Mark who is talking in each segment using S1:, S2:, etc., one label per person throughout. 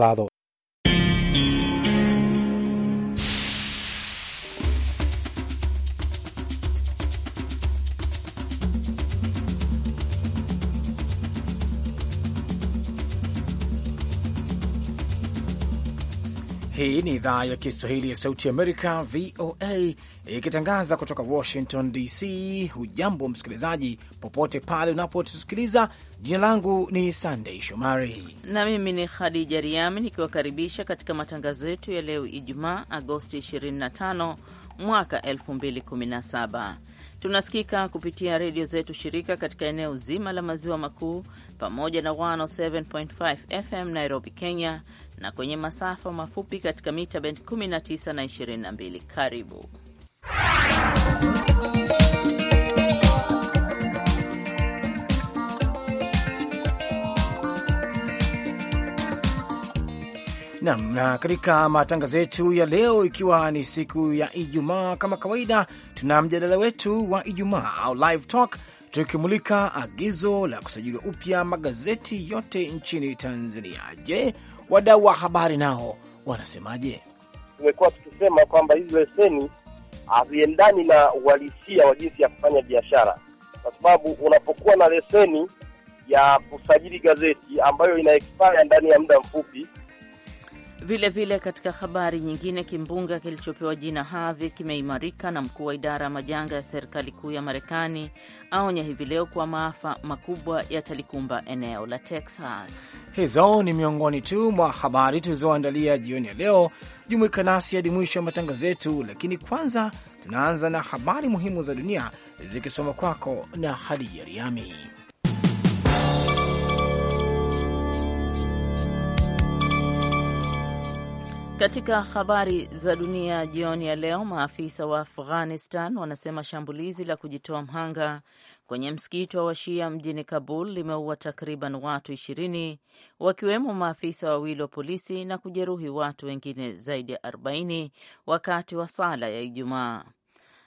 S1: dado
S2: Hii ni idhaa ya Kiswahili ya Sauti Amerika, VOA, ikitangaza kutoka Washington DC. Hujambo msikilizaji, popote pale unapotusikiliza. Jina langu ni Sandei Shomari
S3: na mimi ni Khadija Riami, nikiwakaribisha katika matangazo yetu ya leo Ijumaa, Agosti 25 mwaka 2017. Tunasikika kupitia redio zetu shirika katika eneo zima la maziwa makuu pamoja na 107.5 FM Nairobi, Kenya na kwenye masafa mafupi katika mita bendi 19 na 22. Karibu
S2: nam na, na katika matangazo yetu ya leo, ikiwa ni siku ya Ijumaa, kama kawaida, tuna mjadala wetu wa Ijumaa au live talk tukimulika agizo la kusajiliwa upya magazeti yote nchini Tanzania. Je, Wadau wa habari nao wanasemaje?
S4: Tumekuwa tukisema kwamba hizi leseni haziendani na uhalisia wa jinsi ya kufanya biashara, kwa sababu unapokuwa na leseni ya kusajili gazeti ambayo ina expire ndani ya muda mfupi
S3: Vilevile vile katika habari nyingine, kimbunga kilichopewa jina Harvey kimeimarika na mkuu wa idara ya majanga ya serikali kuu ya Marekani aonya hivi leo kuwa maafa makubwa yatalikumba eneo la Texas.
S2: Hizo ni miongoni tu mwa habari tulizoandalia jioni ya leo. Jumuika nasi hadi mwisho wa matangazo yetu, lakini kwanza tunaanza na habari muhimu za dunia zikisoma kwako na Hadija Riami.
S3: Katika habari za dunia jioni ya leo, maafisa wa Afghanistan wanasema shambulizi la kujitoa mhanga kwenye msikiti wa Washia mjini Kabul limeua takriban watu ishirini wakiwemo maafisa wawili wa polisi na kujeruhi watu wengine zaidi ya arobaini wakati wa sala ya Ijumaa.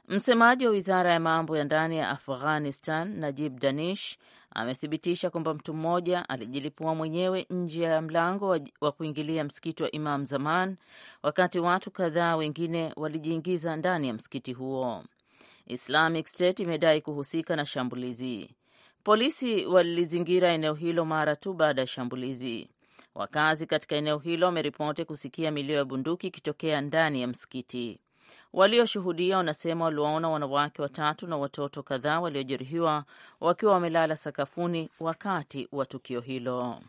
S3: Msemaji wa wizara ya mambo ya ndani ya Afghanistan Najib Danish amethibitisha kwamba mtu mmoja alijilipua mwenyewe nje ya mlango wa kuingilia msikiti wa Imam Zaman, wakati watu kadhaa wengine walijiingiza ndani ya msikiti huo. Islamic State imedai kuhusika na shambulizi. Polisi walizingira eneo hilo mara tu baada ya shambulizi. Wakazi katika eneo hilo wameripoti kusikia milio ya bunduki ikitokea ndani ya msikiti. Walioshuhudia wanasema waliwaona wanawake watatu na watoto kadhaa waliojeruhiwa wakiwa wamelala sakafuni wakati wa tukio hilo.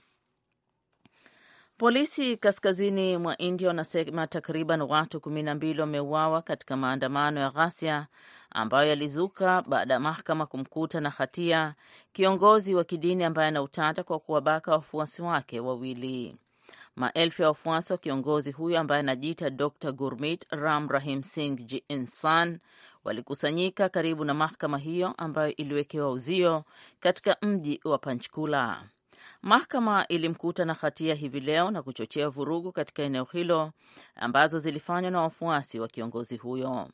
S3: Polisi kaskazini mwa India wanasema takriban watu kumi na mbili wameuawa katika maandamano ya ghasia ambayo yalizuka baada ya mahakama kumkuta na hatia kiongozi wa kidini ambaye ana utata kwa kuwabaka wafuasi wake wawili. Maelfu ya wafuasi wa kiongozi huyo ambaye anajiita Dr Gurmit Ram Rahim Singh Insan walikusanyika karibu na mahakama hiyo ambayo iliwekewa uzio katika mji wa Panchkula. Mahakama ilimkuta na hatia hivi leo na kuchochea vurugu katika eneo hilo ambazo zilifanywa na wafuasi wa kiongozi huyo.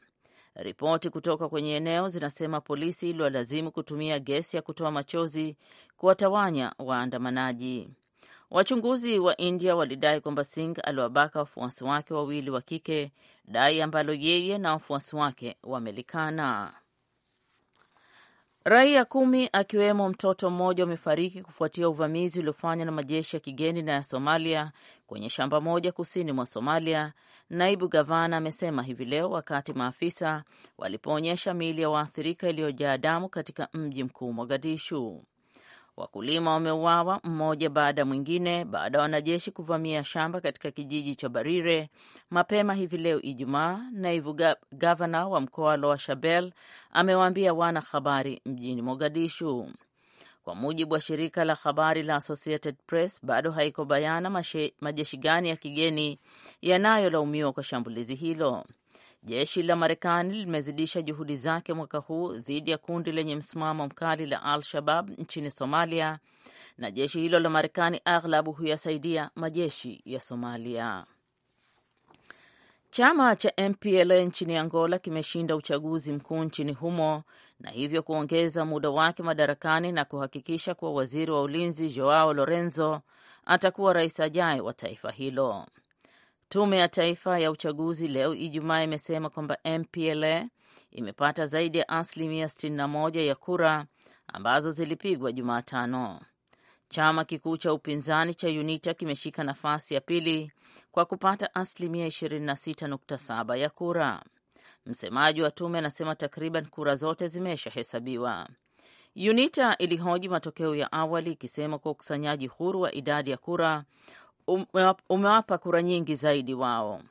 S3: Ripoti kutoka kwenye eneo zinasema polisi iliwalazimu kutumia gesi ya kutoa machozi kuwatawanya waandamanaji. Wachunguzi wa India walidai kwamba Singh aliwabaka wafuasi wake wawili wa kike, dai ambalo yeye na wafuasi wake wamelikana. Raia kumi akiwemo mtoto mmoja wamefariki kufuatia uvamizi uliofanywa na majeshi ya kigeni na ya Somalia kwenye shamba moja kusini mwa Somalia, naibu gavana amesema hivi leo, wakati maafisa walipoonyesha miili ya waathirika iliyojaa damu katika mji mkuu Mogadishu. Wakulima wameuawa mmoja baada mwingine baada ya wanajeshi kuvamia shamba katika kijiji cha Barire mapema hivi leo Ijumaa. Naibu gavana wa mkoa Loa Shabel amewaambia wana habari mjini Mogadishu. Kwa mujibu wa shirika la habari la Associated Press, bado haiko bayana majeshi gani ya kigeni yanayolaumiwa kwa shambulizi hilo. Jeshi la Marekani limezidisha juhudi zake mwaka huu dhidi ya kundi lenye msimamo mkali la Al-Shabab nchini Somalia, na jeshi hilo la Marekani aghlabu huyasaidia majeshi ya Somalia. Chama cha MPLA nchini Angola kimeshinda uchaguzi mkuu nchini humo na hivyo kuongeza muda wake madarakani na kuhakikisha kuwa waziri wa ulinzi Joao Lorenzo atakuwa rais ajaye wa taifa hilo. Tume ya Taifa ya Uchaguzi leo Ijumaa imesema kwamba MPLA imepata zaidi ya asilimia 61 ya kura ambazo zilipigwa Jumatano. Chama kikuu cha upinzani cha UNITA kimeshika nafasi ya pili kwa kupata asilimia 26.7 ya kura. Msemaji wa tume anasema takriban kura zote zimeshahesabiwa. UNITA ilihoji matokeo ya awali ikisema kwa ukusanyaji huru wa idadi ya kura Um, umewapa kura nyingi zaidi wao.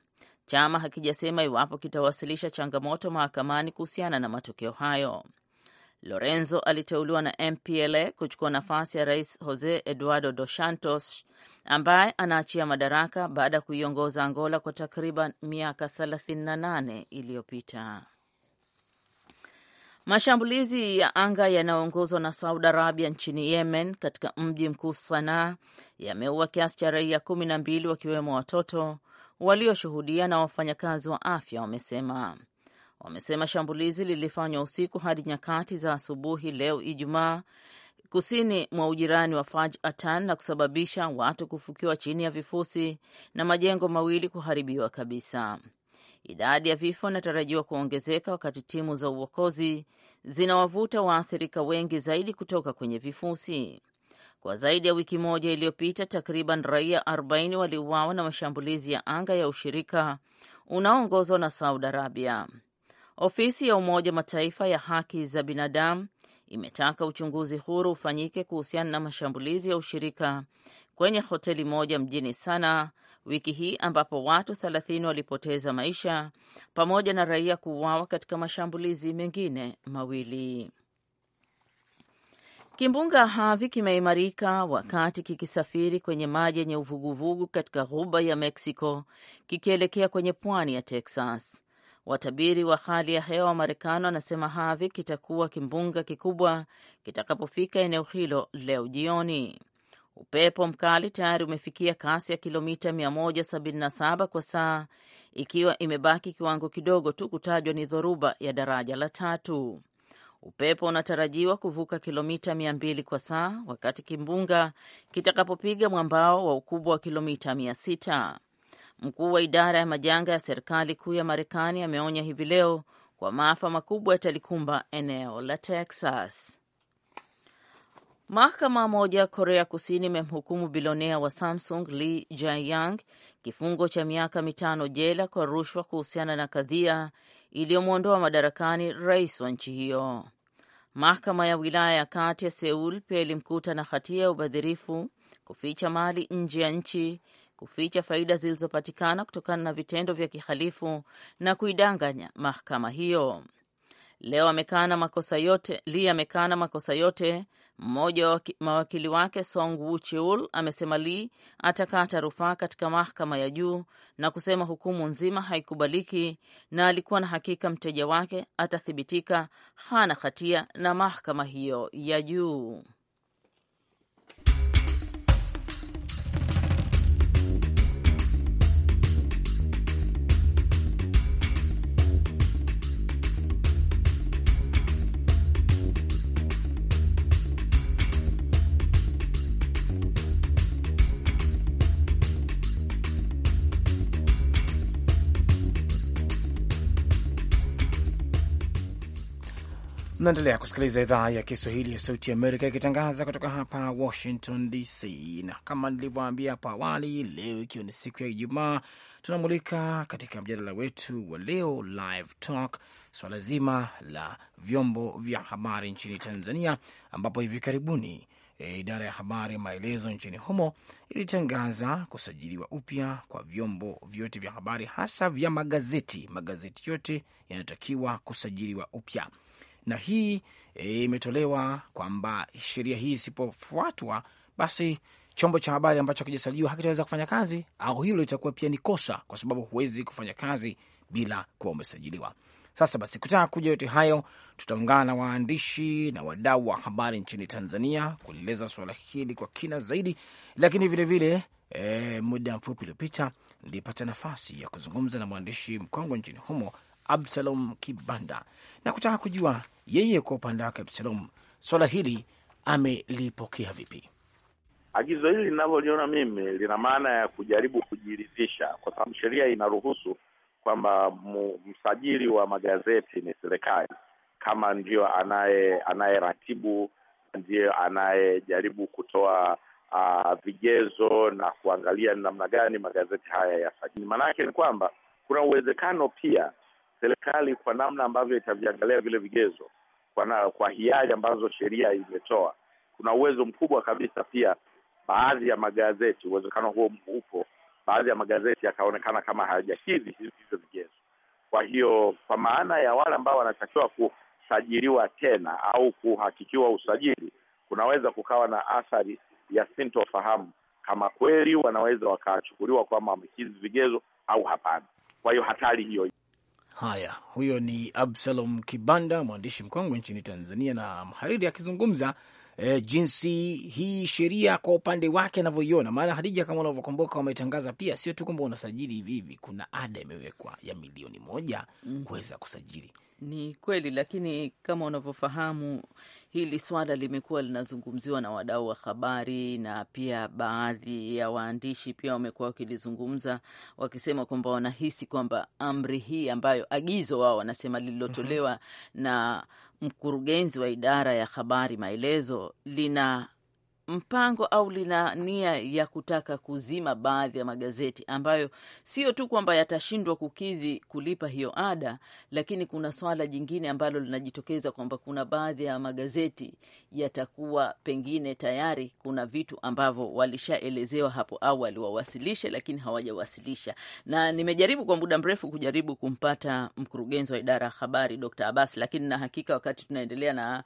S3: Chama hakijasema iwapo kitawasilisha changamoto mahakamani kuhusiana na matokeo hayo. Lorenzo aliteuliwa na MPLA kuchukua nafasi ya Rais Jose Eduardo Dos Santos ambaye anaachia madaraka baada ya kuiongoza Angola kwa takriban miaka 38 iliyopita. Mashambulizi ya anga yanayoongozwa na Saudi Arabia nchini Yemen katika mji mkuu Sanaa yameua kiasi cha raia kumi na mbili wakiwemo watoto walioshuhudia na wafanyakazi wa afya wamesema. Wamesema shambulizi lilifanywa usiku hadi nyakati za asubuhi leo Ijumaa kusini mwa ujirani wa Faj Atan na kusababisha watu kufukiwa chini ya vifusi na majengo mawili kuharibiwa kabisa. Idadi ya vifo inatarajiwa kuongezeka wakati timu za uokozi zinawavuta waathirika wengi zaidi kutoka kwenye vifusi. Kwa zaidi ya wiki moja iliyopita, takriban raia 40 waliuawa na mashambulizi ya anga ya ushirika unaoongozwa na Saudi Arabia. Ofisi ya Umoja Mataifa ya haki za binadamu imetaka uchunguzi huru ufanyike kuhusiana na mashambulizi ya ushirika kwenye hoteli moja mjini Sana wiki hii ambapo watu 30 walipoteza maisha pamoja na raia kuuawa katika mashambulizi mengine mawili. Kimbunga Havi kimeimarika wakati kikisafiri kwenye maji yenye uvuguvugu katika ghuba ya Mexico kikielekea kwenye pwani ya Texas. Watabiri wa hali ya hewa wa Marekani wanasema Havi kitakuwa kimbunga kikubwa kitakapofika eneo hilo leo jioni. Upepo mkali tayari umefikia kasi ya kilomita 177 kwa saa, ikiwa imebaki kiwango kidogo tu kutajwa ni dhoruba ya daraja la tatu. Upepo unatarajiwa kuvuka kilomita 200 kwa saa wakati kimbunga kitakapopiga mwambao wa ukubwa wa kilomita 600. Mkuu wa idara ya majanga ya serikali kuu ya Marekani ameonya hivi leo kwa maafa makubwa yatalikumba eneo la Texas. Mahakama moja Korea Kusini imemhukumu bilionea wa Samsung Lee Jae-yong kifungo cha miaka mitano jela kwa rushwa kuhusiana na kadhia iliyomwondoa madarakani rais wa nchi hiyo. Mahakama ya wilaya ya kati ya Seul pia ilimkuta na hatia ya ubadhirifu, kuficha mali nje ya nchi, kuficha faida zilizopatikana kutokana na vitendo vya kihalifu na kuidanganya mahakama hiyo. Leo amekana makosa yote, Lee amekana makosa yote mmoja wa mawakili wake Song Wu Chiul amesema Lee atakata rufaa katika mahakama ya juu na kusema hukumu nzima haikubaliki, na alikuwa na hakika mteja wake atathibitika hana hatia na mahakama hiyo ya juu.
S2: naendelea kusikiliza idhaa ya Kiswahili ya Sauti Amerika ikitangaza kutoka hapa Washington DC, na kama nilivyoambia hapo awali, leo ikiwa ni siku ya Ijumaa, tunamulika katika mjadala wetu wa leo Live Talk swala zima la vyombo vya habari nchini Tanzania, ambapo hivi karibuni e, idara ya habari maelezo nchini humo ilitangaza kusajiliwa upya kwa vyombo vyote vya habari hasa vya magazeti. Magazeti yote yanatakiwa kusajiliwa upya na hii e, imetolewa e, kwamba sheria hii isipofuatwa basi chombo cha habari ambacho hakijasajiliwa hakitaweza kufanya kazi, au hilo litakuwa pia ni kosa, kwa sababu huwezi kufanya kazi bila kuwa umesajiliwa. Sasa basi, kutaka kuja yote hayo, tutaungana na waandishi na wadau wa habari nchini Tanzania kueleza suala hili kwa kina zaidi, lakini vilevile vile, e, muda mfupi uliopita nilipata nafasi ya kuzungumza na mwandishi mkongwe nchini humo Absalom Kibanda na kutaka kujua yeye kwa upande wake Absalom swala hili amelipokea vipi.
S5: Agizo hili linavyoliona mimi lina maana ya kujaribu kujiridhisha, kwa sababu sheria inaruhusu kwamba msajili wa magazeti ni serikali, kama ndiyo anaye anayeratibu ndiyo anayejaribu kutoa uh, vigezo na kuangalia ni namna gani magazeti haya yasajili. Maana yake ni kwamba kuna uwezekano pia serikali kwa namna ambavyo itaviangalia vile vigezo kwa, na, kwa hiari ambazo sheria imetoa, kuna uwezo mkubwa kabisa pia baadhi ya magazeti, uwezekano huo upo, baadhi ya magazeti yakaonekana kama hayajakidhi hivyo vigezo. Kwa hiyo kwa maana ya wale ambao wanatakiwa kusajiliwa tena au kuhakikiwa usajili, kunaweza kukawa na athari ya sintofahamu kama kweli wanaweza wakachukuliwa kwamba wamekidhi vigezo au hapana. Kwa hiyo hatari hiyo
S2: Haya, huyo ni Absalom Kibanda, mwandishi mkongwe nchini Tanzania na mhariri akizungumza e, jinsi hii sheria kwa upande wake anavyoiona. Maana Hadija, kama unavyokumbuka, wametangaza pia, sio tu kwamba
S3: unasajili hivi hivi, kuna ada imewekwa ya milioni moja mm, kuweza kusajili ni kweli, lakini kama unavyofahamu hili swala limekuwa linazungumziwa na wadau wa habari na pia baadhi ya waandishi pia wamekuwa wakilizungumza wakisema kwamba wanahisi kwamba amri hii ambayo agizo wao wanasema lililotolewa mm -hmm. na mkurugenzi wa idara ya habari maelezo lina mpango au lina nia ya kutaka kuzima baadhi ya magazeti ambayo sio tu kwamba yatashindwa kukidhi kulipa hiyo ada, lakini kuna swala jingine ambalo linajitokeza kwamba kuna baadhi ya magazeti yatakuwa pengine tayari kuna vitu ambavyo walishaelezewa hapo awali wawasilishe, lakini hawajawasilisha. Na nimejaribu kwa muda mrefu kujaribu kumpata mkurugenzi wa idara ya habari Dr. Abbas, lakini na hakika wakati tunaendelea na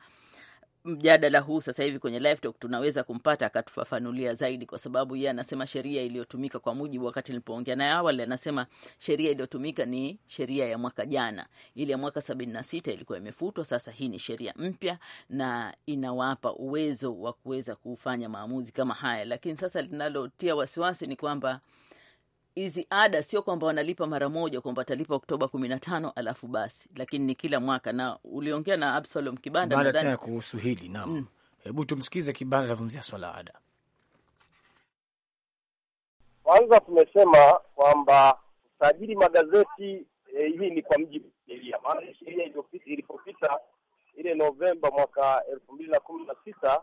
S3: mjadala huu sasa hivi kwenye live talk tunaweza kumpata akatufafanulia zaidi, kwa sababu yeye anasema sheria iliyotumika kwa mujibu, wakati nilipoongea naye awali, anasema sheria iliyotumika ni sheria ya mwaka jana, ile ya mwaka sabini na sita ilikuwa imefutwa. Sasa hii ni sheria mpya na inawapa uwezo wa kuweza kufanya maamuzi kama haya, lakini sasa linalotia wasiwasi ni kwamba hizi ada sio kwamba wanalipa mara moja, kwamba watalipa Oktoba kumi na tano alafu basi, lakini ni kila mwaka. Na uliongea na Absalom Kibanda baada tena
S2: kuhusu hili nam Mm. Hebu tumsikize Kibanda atavumzia swala ada.
S3: Kwanza
S4: tumesema kwamba usajili magazeti eh, hii ni kwa mjibu wa sheria, maana sheria ilipopita ile Novemba mwaka elfu mbili na kumi na sita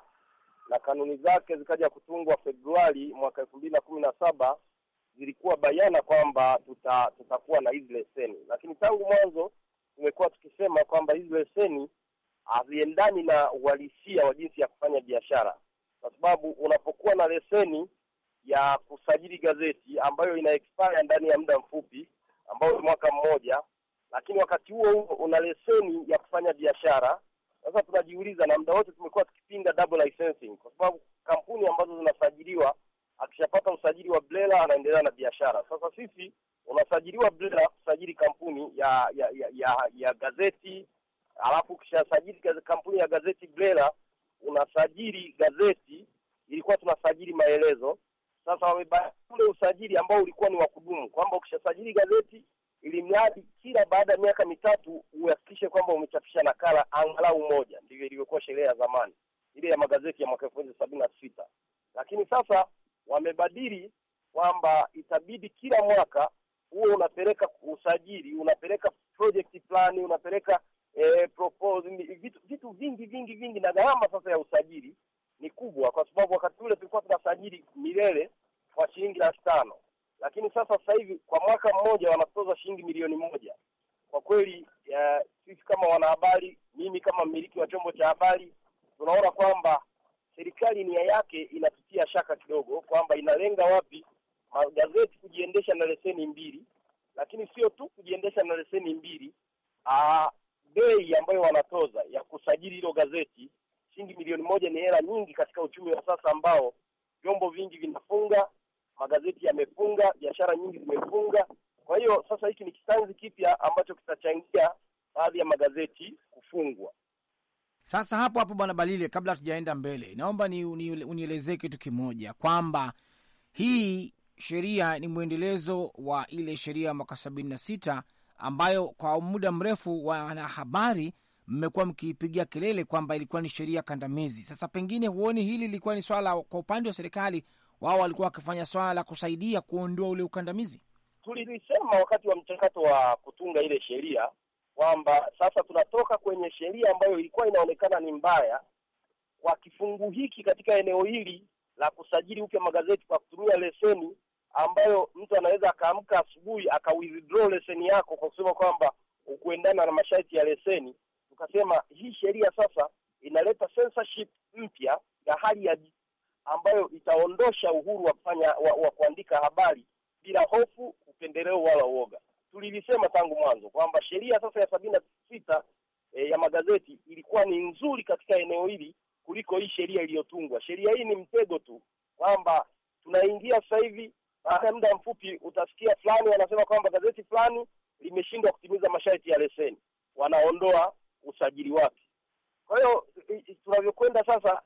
S4: na kanuni zake zikaja kutungwa Februari mwaka elfu mbili na kumi na saba zilikuwa bayana kwamba tuta, tutakuwa na hizi leseni, lakini tangu mwanzo tumekuwa tukisema kwamba hizi leseni haziendani na uhalisia wa jinsi ya kufanya biashara, kwa sababu unapokuwa na leseni ya kusajili gazeti ambayo ina expire ndani ya muda mfupi ambao ni mwaka mmoja, lakini wakati huo huo una leseni ya kufanya biashara. Sasa tunajiuliza, na muda wote tumekuwa tukipinga double licensing, kwa sababu kampuni ambazo zinasajiliwa akishapata usajili wa Blela anaendelea na biashara. Sasa sisi unasajiliwa Blela kusajili kampuni ya ya ya, ya, ya gazeti, alafu ukishasajili kampuni ya gazeti Blela unasajili gazeti, ilikuwa tunasajili maelezo. Sasa wamebaki ule usajili ambao ulikuwa ni wa kudumu, kwamba ukishasajili gazeti ili mradi kila baada ya miaka mitatu uhakikishe kwamba umechapisha nakala angalau moja. Ndivyo ilivyokuwa sheria ya zamani ile ya magazeti ya mwaka elfu moja sabini na sita, lakini sasa wamebadili kwamba itabidi kila mwaka huo unapeleka usajili, unapeleka project plan, unapeleka eh, proposal, vitu, vitu vingi vingi vingi, na gharama sasa ya usajili ni kubwa, kwa sababu wakati ule tulikuwa tunasajili milele kwa shilingi laki tano lakini sasa sasa hivi kwa mwaka mmoja wanatoza shilingi milioni moja. Kwa kweli eh, sisi kama wanahabari, mimi kama mmiliki wa chombo cha habari, tunaona kwamba serikali nia yake inatutia shaka kidogo kwamba inalenga wapi magazeti kujiendesha na leseni mbili, lakini sio tu kujiendesha na leseni mbili, aa, ah, bei ambayo wanatoza ya kusajili hilo gazeti shilingi milioni moja ni hela nyingi katika uchumi wa sasa ambao vyombo vingi vinafunga, magazeti yamefunga, biashara nyingi zimefunga. Kwa hiyo sasa hiki ni kitanzi kipya ambacho kitachangia baadhi ya magazeti kufungwa.
S2: Sasa hapo hapo, Bwana Balile, kabla hatujaenda mbele, naomba ni unielezee kitu kimoja kwamba hii sheria ni mwendelezo wa ile sheria ya mwaka sabini na sita ambayo kwa muda mrefu wanahabari mmekuwa mkiipigia kelele kwamba ilikuwa ni sheria kandamizi. Sasa pengine huoni hili lilikuwa ni swala kwa upande wa serikali, wao walikuwa wakifanya swala la kusaidia kuondoa ule ukandamizi?
S4: Tulilisema wakati wa mchakato wa kutunga ile sheria kwamba sasa tunatoka kwenye sheria ambayo ilikuwa inaonekana ni mbaya kwa kifungu hiki katika eneo hili la kusajili upya magazeti kwa kutumia leseni, ambayo mtu anaweza akaamka asubuhi withdraw leseni yako kwa kusema kwamba ukuendana na masharti ya leseni. Tukasema hii sheria sasa inaleta censorship mpya ya hali ya ambayo itaondosha uhuru wa kufanya wa, wa kuandika habari bila hofu, upendeleo wala uoga tulilisema tangu mwanzo kwamba sheria sasa ya sabini na sita e, ya magazeti ilikuwa ni nzuri katika eneo hili kuliko hii sheria iliyotungwa. Sheria hii ni mtego tu, kwamba tunaingia sasa hivi, baada ya muda mfupi utasikia fulani wanasema kwamba gazeti fulani limeshindwa kutimiza masharti ya leseni, wanaondoa usajili wake. Kwa hiyo tunavyokwenda sasa,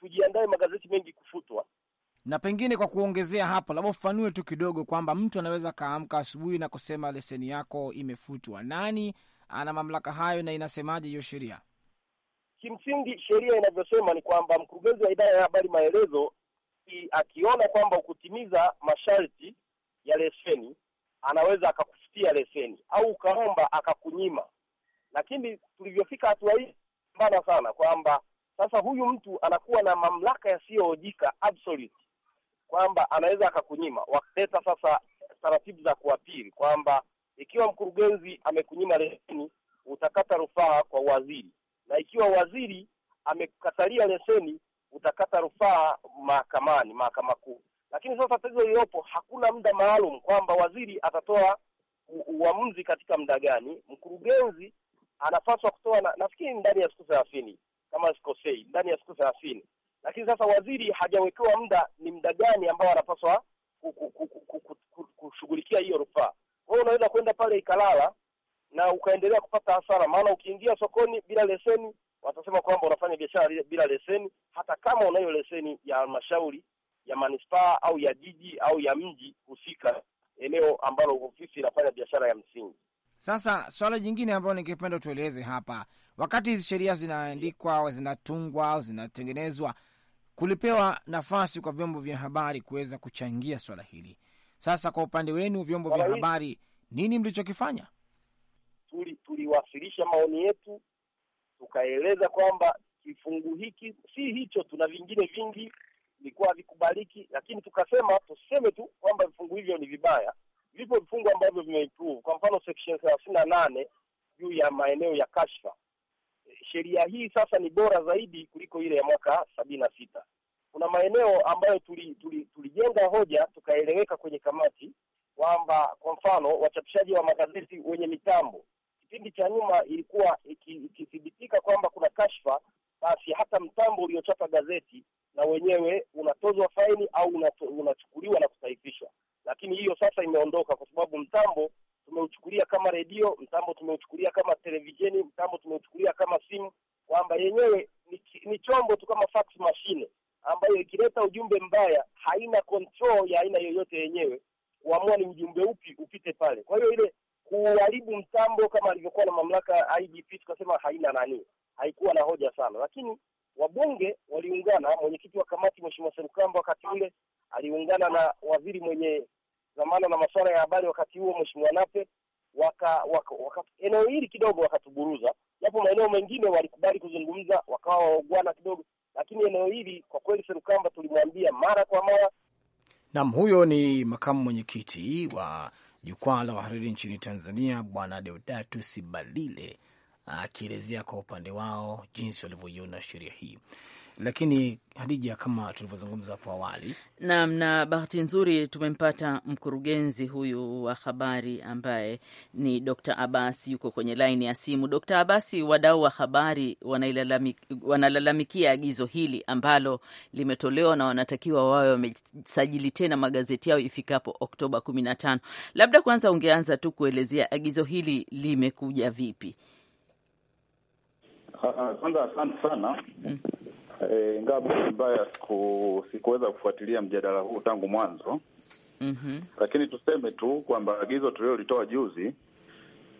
S4: tujiandae magazeti mengi kufutwa,
S2: na pengine kwa kuongezea hapo, labda ufanue tu kidogo kwamba mtu anaweza akaamka asubuhi na kusema leseni yako imefutwa. Nani ana mamlaka hayo na inasemaje hiyo sheria?
S4: Kimsingi sheria inavyosema ni kwamba mkurugenzi wa idara ya habari maelezo akiona kwamba ukutimiza masharti ya leseni anaweza akakufutia leseni au ukaomba akakunyima. Lakini tulivyofika hatua hii mbana sana kwamba sasa huyu mtu anakuwa na mamlaka yasiyohojika absolute kwamba anaweza akakunyima, wakaleta sasa taratibu za kuapili kwamba ikiwa mkurugenzi amekunyima leseni utakata rufaa kwa waziri, na ikiwa waziri amekatalia leseni utakata rufaa mahakamani, mahakama kuu. Lakini sasa tatizo lililopo, hakuna muda maalum kwamba waziri atatoa uamuzi katika muda gani. Mkurugenzi anapaswa kutoa na, nafikiri ndani ya siku thelathini kama sikosei, ndani ya siku thelathini lakini sasa waziri hajawekewa muda, ni muda gani ambao anapaswa kushughulikia hiyo rufaa. kwao unaweza kwenda pale ikalala na ukaendelea kupata hasara, maana ukiingia sokoni bila leseni watasema kwamba unafanya biashara bila leseni, hata kama unayo leseni ya halmashauri ya manispaa au ya jiji au ya mji husika, eneo ambalo ofisi inafanya biashara ya msingi.
S2: Sasa swala jingine ambayo ningependa tueleze hapa, wakati hizi sheria zinaandikwa, zinatungwa au zinatengenezwa kulipewa nafasi kwa vyombo vya habari kuweza kuchangia swala hili. Sasa kwa upande wenu vyombo vya habari, nini mlichokifanya?
S4: Tuliwasilisha maoni yetu, tukaeleza kwamba kifungu hiki si hicho, tuna vingine vingi vilikuwa havikubaliki, lakini tukasema tuseme tu kwamba vifungu hivyo ni vibaya. Vipo vifungu ambavyo vimeimprove, kwa mfano section thelathini na nane juu ya maeneo ya kashfa sheria hii sasa ni bora zaidi kuliko ile ya mwaka sabini na sita. Kuna maeneo ambayo tulijenga tuli, tuli hoja tukaeleweka kwenye kamati kwamba kwa mfano wachapishaji wa magazeti wenye mitambo, kipindi cha nyuma ilikuwa ikithibitika kwamba kuna kashfa, basi hata mtambo uliochapa gazeti na wenyewe unatozwa faini au unachukuliwa na kusaifishwa. Lakini hiyo sasa imeondoka kwa sababu mtambo tumeuchukulia kama redio, mtambo tumeuchukulia kama televisheni, mtambo tumeuchukulia kama simu, kwamba yenyewe ni, ni chombo tu kama fax machine ambayo ikileta ujumbe mbaya haina control ya aina yoyote yenyewe kuamua ni ujumbe upi upite pale. Kwa hiyo ile kuharibu mtambo kama alivyokuwa na mamlaka IGP, tukasema haina nani, haikuwa na hoja sana, lakini wabunge waliungana. Mwenyekiti wa kamati Mheshimiwa Serukamba wakati ule aliungana na waziri mwenye zamana na masuala ya habari wakati huo, mheshimiwa Nape waka, waka, waka, eneo hili kidogo wakatuburuza, japo maeneo mengine walikubali kuzungumza, wakawa waugwana kidogo, lakini eneo hili kwa kweli Serukamba tulimwambia mara kwa mara.
S2: Naam, huyo ni makamu mwenyekiti wa jukwaa la wahariri nchini Tanzania, Bwana Deodatus Balile akielezea kwa upande wao jinsi walivyoiona sheria hii lakini Hadija, kama tulivyozungumza hapo awali,
S3: naam, na bahati nzuri tumempata mkurugenzi huyu wa habari ambaye ni Dr. Abasi, yuko kwenye laini ya simu. Dr. Abasi, wadau wa habari wanalalamikia agizo hili ambalo limetolewa na wanatakiwa wawe wamesajili tena magazeti yao ifikapo Oktoba 15. Labda kwanza ungeanza tu kuelezea agizo hili limekuja vipi?
S6: Kwanza asante sana mm. E, ingawa bahati mbaya sikuweza kufuatilia mjadala huu tangu mwanzo mm -hmm. Lakini tuseme tu kwamba agizo tuliolitoa juzi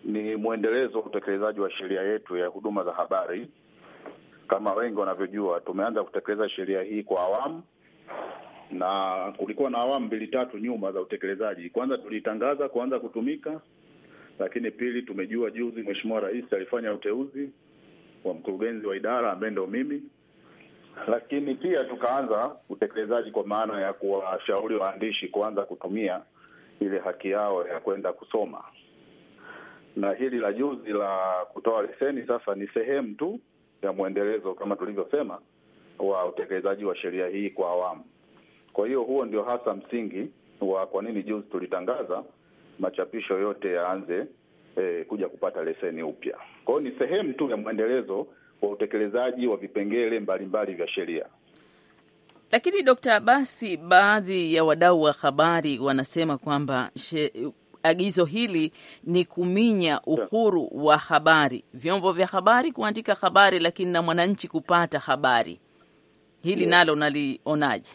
S6: ni mwendelezo wa utekelezaji wa sheria yetu ya huduma za habari. Kama wengi wanavyojua, tumeanza kutekeleza sheria hii kwa awamu, na kulikuwa na awamu mbili tatu nyuma za utekelezaji. Kwanza tulitangaza kuanza kutumika, lakini pili, tumejua juzi Mheshimiwa Rais alifanya uteuzi wa mkurugenzi wa idara ambaye ndio mimi lakini pia tukaanza utekelezaji kwa maana ya kuwashauri waandishi kuanza kutumia ile haki yao ya kwenda kusoma, na hili la juzi la kutoa leseni sasa ni sehemu tu ya mwendelezo kama tulivyosema wa utekelezaji wa sheria hii kwa awamu. Kwa hiyo huo ndio hasa msingi wa kwa nini juzi tulitangaza machapisho yote yaanze eh, kuja kupata leseni upya. Kwa hiyo ni sehemu tu ya mwendelezo kwa utekelezaji wa vipengele mbalimbali vya sheria.
S3: Lakini Dokta Abasi, baadhi ya wadau wa habari wanasema kwamba agizo hili ni kuminya uhuru wa habari, vyombo vya habari kuandika habari, lakini na mwananchi kupata habari. Hili yeah, nalo nalionaje?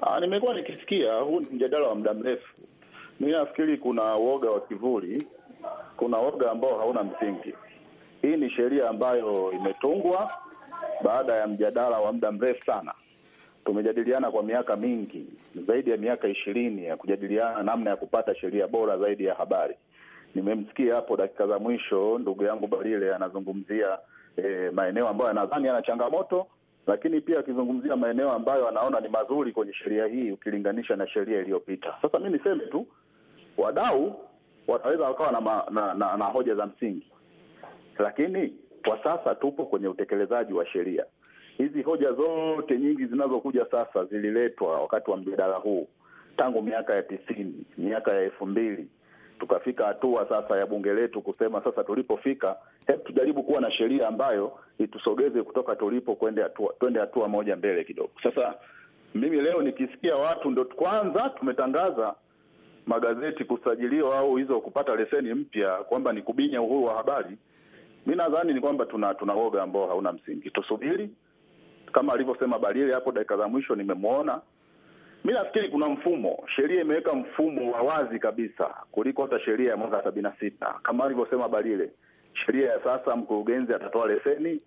S6: Ah, nimekuwa nikisikia, huu ni mjadala wa muda mrefu. Mi nafikiri kuna woga wa kivuli, kuna woga ambao hauna msingi hii ni sheria ambayo imetungwa baada ya mjadala wa muda mrefu sana. Tumejadiliana kwa miaka mingi, zaidi ya miaka ishirini ya kujadiliana namna ya kupata sheria bora zaidi ya habari. Nimemsikia hapo dakika za mwisho ndugu yangu Barile anazungumzia e, maeneo ambayo anadhani yana changamoto, lakini pia akizungumzia maeneo ambayo anaona ni mazuri kwenye sheria hii ukilinganisha na sheria iliyopita. Sasa mi niseme tu wadau wanaweza wakawa na, na, na, na hoja za msingi lakini kwa sasa tupo kwenye utekelezaji wa sheria. Hizi hoja zote nyingi zinazokuja sasa zililetwa wakati wa mjadala huu tangu miaka ya tisini, miaka ya elfu mbili tukafika hatua sasa ya bunge letu kusema sasa, tulipofika, hebu tujaribu kuwa na sheria ambayo itusogeze kutoka tulipo kwende hatua, twende hatua moja mbele kidogo. Sasa mimi leo nikisikia watu ndo kwanza tumetangaza magazeti kusajiliwa au hizo kupata leseni mpya, kwamba ni kubinya uhuru wa habari, Mi nadhani ni kwamba tuna tuna woga ambao hauna msingi. Tusubiri kama alivyosema Balile hapo dakika za mwisho, nimemwona mi nafikiri kuna mfumo, sheria imeweka mfumo wa wazi kabisa kuliko hata sheria ya mwaka sabini na sita kama alivyosema Balile. Sheria ya sasa, mkurugenzi atatoa leseni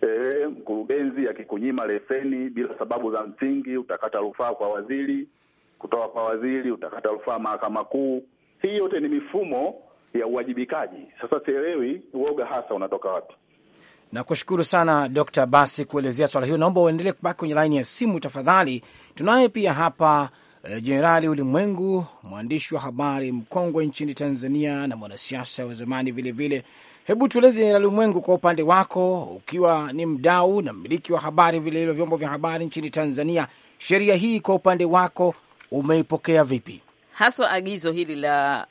S6: e, mkurugenzi akikunyima leseni bila sababu za msingi utakata rufaa kwa waziri, kutoka kwa waziri utakata rufaa mahakama kuu. Hii yote ni mifumo ya uwajibikaji. Sasa sielewi uoga hasa
S2: unatoka wapi. Nakushukuru sana Dr. Basi kuelezea swala hiyo. Naomba uendelee kubaki kwenye laini ya simu tafadhali. Tunaye pia hapa eh, Jenerali Ulimwengu, mwandishi wa habari mkongwe nchini Tanzania na mwanasiasa wa zamani vilevile. Hebu tueleze Jenerali Ulimwengu, kwa upande wako, ukiwa ni mdau na mmiliki wa habari vilevile, vyombo vya habari nchini Tanzania, sheria hii kwa upande wako umeipokea vipi,
S3: haswa agizo hili la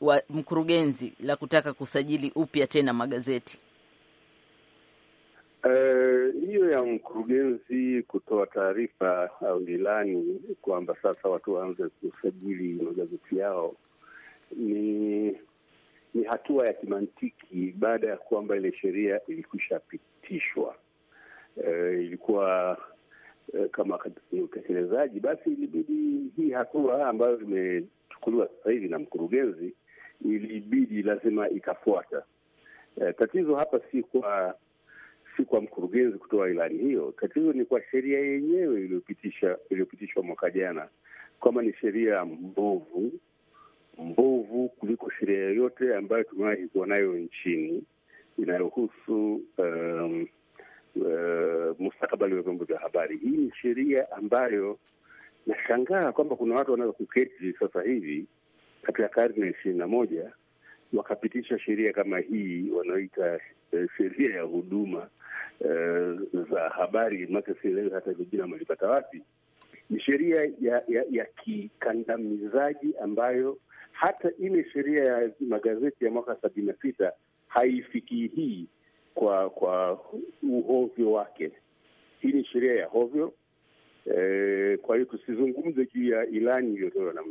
S3: wa mkurugenzi la kutaka kusajili upya tena magazeti?
S7: Eh, hiyo uh, ya mkurugenzi kutoa taarifa au ilani kwamba sasa watu waanze kusajili magazeti yao ni ni hatua ya kimantiki baada ya kwamba ile sheria ilikwisha pitishwa. Uh, ilikuwa uh, kama ni utekelezaji, basi ilibidi hii hatua ambayo imechukuliwa sasa hivi na mkurugenzi ilibidi lazima ikafuata. E, tatizo hapa si kwa si kwa mkurugenzi kutoa ilani hiyo. Tatizo ni kwa sheria yenyewe iliyopitisha iliyopitishwa mwaka jana, kama ni sheria mbovu mbovu kuliko sheria yoyote ambayo tumewahi kuwa nayo nchini inayohusu um, uh, mustakabali wa vyombo vya habari. Hii ni sheria ambayo nashangaa kwamba kuna watu wanaweza kuketi sasa hivi katika karne ya ishirini na moja wakapitisha sheria kama hii wanaoita eh, sheria ya huduma eh, za habari. Make sielewi hata jina mlipata wapi. Ni sheria ya, ya, ya kikandamizaji ambayo hata ile sheria ya magazeti ya mwaka sabini na sita haifikii hii kwa kwa uhovyo wake. Hii ni sheria ya hovyo eh, kwa hiyo tusizungumze juu ya ilani iliyotolewa na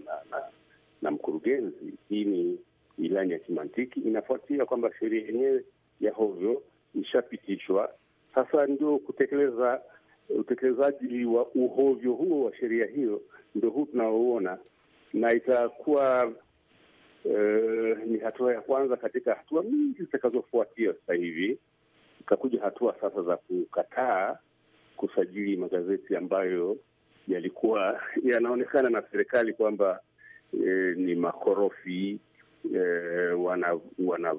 S7: na mkurugenzi. Hii ni ilani ya kimantiki, inafuatia kwamba sheria yenyewe ya hovyo ishapitishwa. Sasa ndio kutekeleza utekelezaji wa uhovyo huo wa sheria hiyo ndio huu tunaouona, na itakuwa e, ni hatua ya kwanza katika hatua nyingi zitakazofuatia. Sasa hivi ikakuja hatua sasa za kukataa kusajili magazeti ambayo yalikuwa yanaonekana na serikali kwamba Eh, ni makorofi e, eh, wana, wana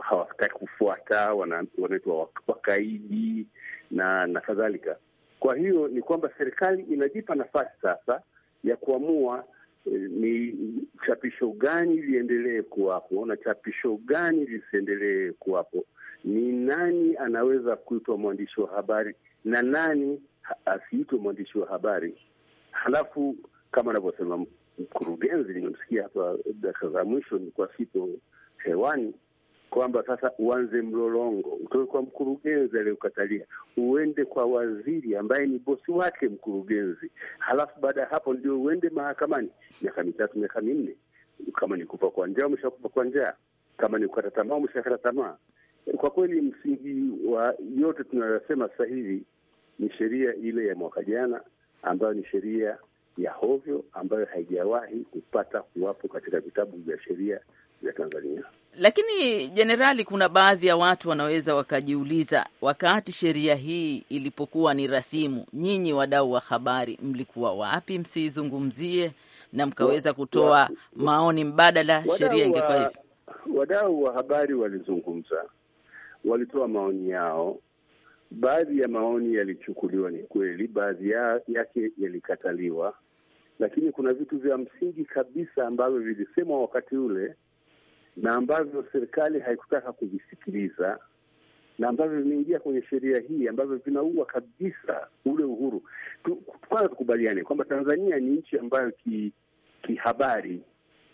S7: hawataki kufuata, wanaitwa wakaidi na na kadhalika. Kwa hiyo ni kwamba serikali inajipa nafasi sasa ya kuamua eh, ni chapisho gani liendelee kuwapo na chapisho gani lisiendelee kuwapo, ni nani anaweza kuitwa mwandishi wa habari na nani asiitwe mwandishi wa habari. Halafu kama anavyosema mkurugenzi nimemsikia hapa dakika za mwisho, nilikuwa sipo hewani, kwamba sasa uanze mlolongo utoke kwa mkurugenzi aliyokatalia uende kwa waziri ambaye ni bosi wake mkurugenzi, halafu baada ya hapo ndio uende mahakamani. Miaka mitatu, miaka minne, kama ni kupa kwa njaa umeshakufa kwa njaa, kama ni kukata tamaa umeshakata tamaa. Kwa kweli msingi wa yote tunayosema sasa hivi ni sheria ile ya mwaka jana ambayo ni sheria ya hovyo ambayo haijawahi kupata kuwapo katika vitabu vya sheria vya Tanzania.
S3: Lakini jenerali, kuna baadhi ya watu wanaweza wakajiuliza, wakati sheria hii ilipokuwa ni rasimu, nyinyi wadau wa habari mlikuwa wapi msiizungumzie na mkaweza kutoa maoni mbadala? Sheria ingekuwa hivi.
S7: Wadau wa habari walizungumza, walitoa maoni yao. Baadhi ya maoni yalichukuliwa ni kweli, baadhi ya, yake yalikataliwa, lakini kuna vitu vya msingi kabisa ambavyo vilisemwa wakati ule na ambavyo serikali haikutaka kuvisikiliza na ambavyo vimeingia kwenye sheria hii ambavyo vinaua kabisa ule uhuru. Kwanza tukubaliane kwamba Tanzania ni nchi ambayo kihabari ki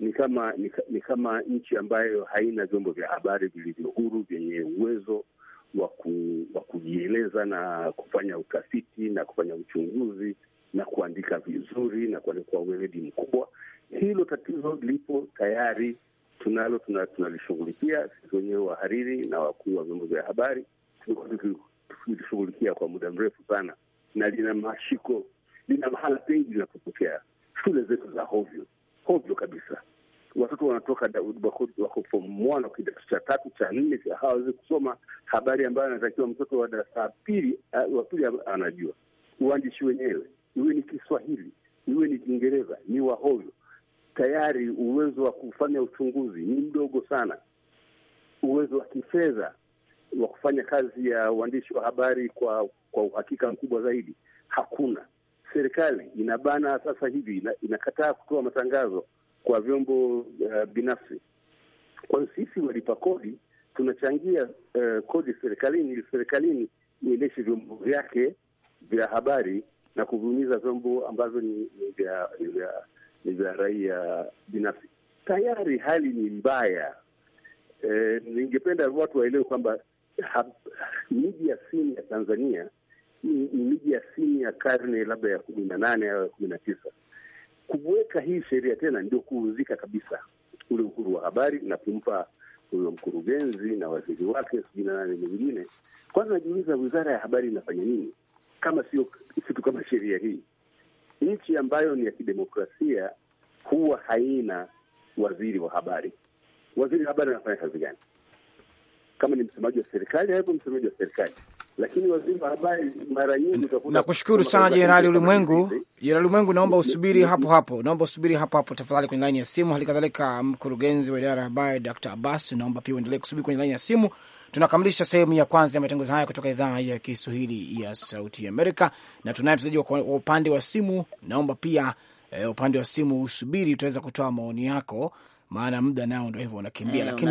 S7: ni kama ni, ni kama nchi ambayo haina vyombo vya habari vilivyo huru vyenye uwezo wa kujieleza na kufanya utafiti na kufanya uchunguzi na kuandika vizuri na kuandika kwa weledi mkubwa. Hilo tatizo lipo tayari, tunalo tunalishughulikia. Sisi wenyewe wahariri na wakuu wa vyombo vya habari tumekuwa tukilishughulikia kwa muda mrefu sana, na lina mashiko, lina mahala pengi linapopotea. Shule zetu za hovyo hovyo kabisa, watoto wanatoka wako form one, wako kidato cha tatu cha nne, hawawezi kusoma habari ambayo anatakiwa mtoto wa darasa pili eh, wa pili anajua. Uandishi wenyewe iwe ni Kiswahili, iwe ni Kiingereza, ni wahovyo tayari. Uwezo wa kufanya uchunguzi ni mdogo sana. Uwezo wa kifedha wa kufanya kazi ya uandishi wa habari kwa kwa uhakika mkubwa zaidi hakuna. Serikali inabana sasa hivi, inakataa kutoa matangazo kwa vyombo uh, binafsi. Kwa hiyo sisi walipa kodi tunachangia uh, kodi serikalini ili serikalini iendeshe vyombo vyake vya habari na kuvumiza vyombo ambavyo ni ni vya raia binafsi. Tayari hali ni mbaya. E, ningependa watu waelewe kwamba miji ya sini ya Tanzania ni miji ya sini ya karne labda ya kumi na nane au ya kumi na tisa. Kuweka hii sheria tena ndio kuuzika kabisa ule uhuru wa habari na kumpa huyo mkurugenzi na waziri wake sijui na nane mwingine. Kwanza najiuliza, wizara ya habari inafanya nini? kama sio kitu kama sheria hii. Nchi ambayo ni ya kidemokrasia huwa haina waziri wa habari. Waziri wa habari anafanya kazi gani? Kama ni msemaji wa serikali, hapo msemaji wa serikali lakini waziri wa habari mara nyingi utakuta. Nakushukuru sana Jenerali Ulimwengu.
S2: Jenerali Ulimwengu, naomba usubiri hapo hapo, naomba usubiri hapo hapo tafadhali kwenye laini ya simu. Hali kadhalika mkurugenzi wa idara ya habari Dr Abbas, naomba pia uendelee kusubiri kwenye laini ya simu. Tunakamilisha sehemu ya kwanza ya matangazo haya kutoka idhaa ya Kiswahili ya Sauti Amerika, na tunaye mchezaji kwa upande wa simu. Naomba pia e, upande wa simu usubiri, utaweza kutoa maoni yako maana muda nao ndo hivyo unakimbia, eh, lakini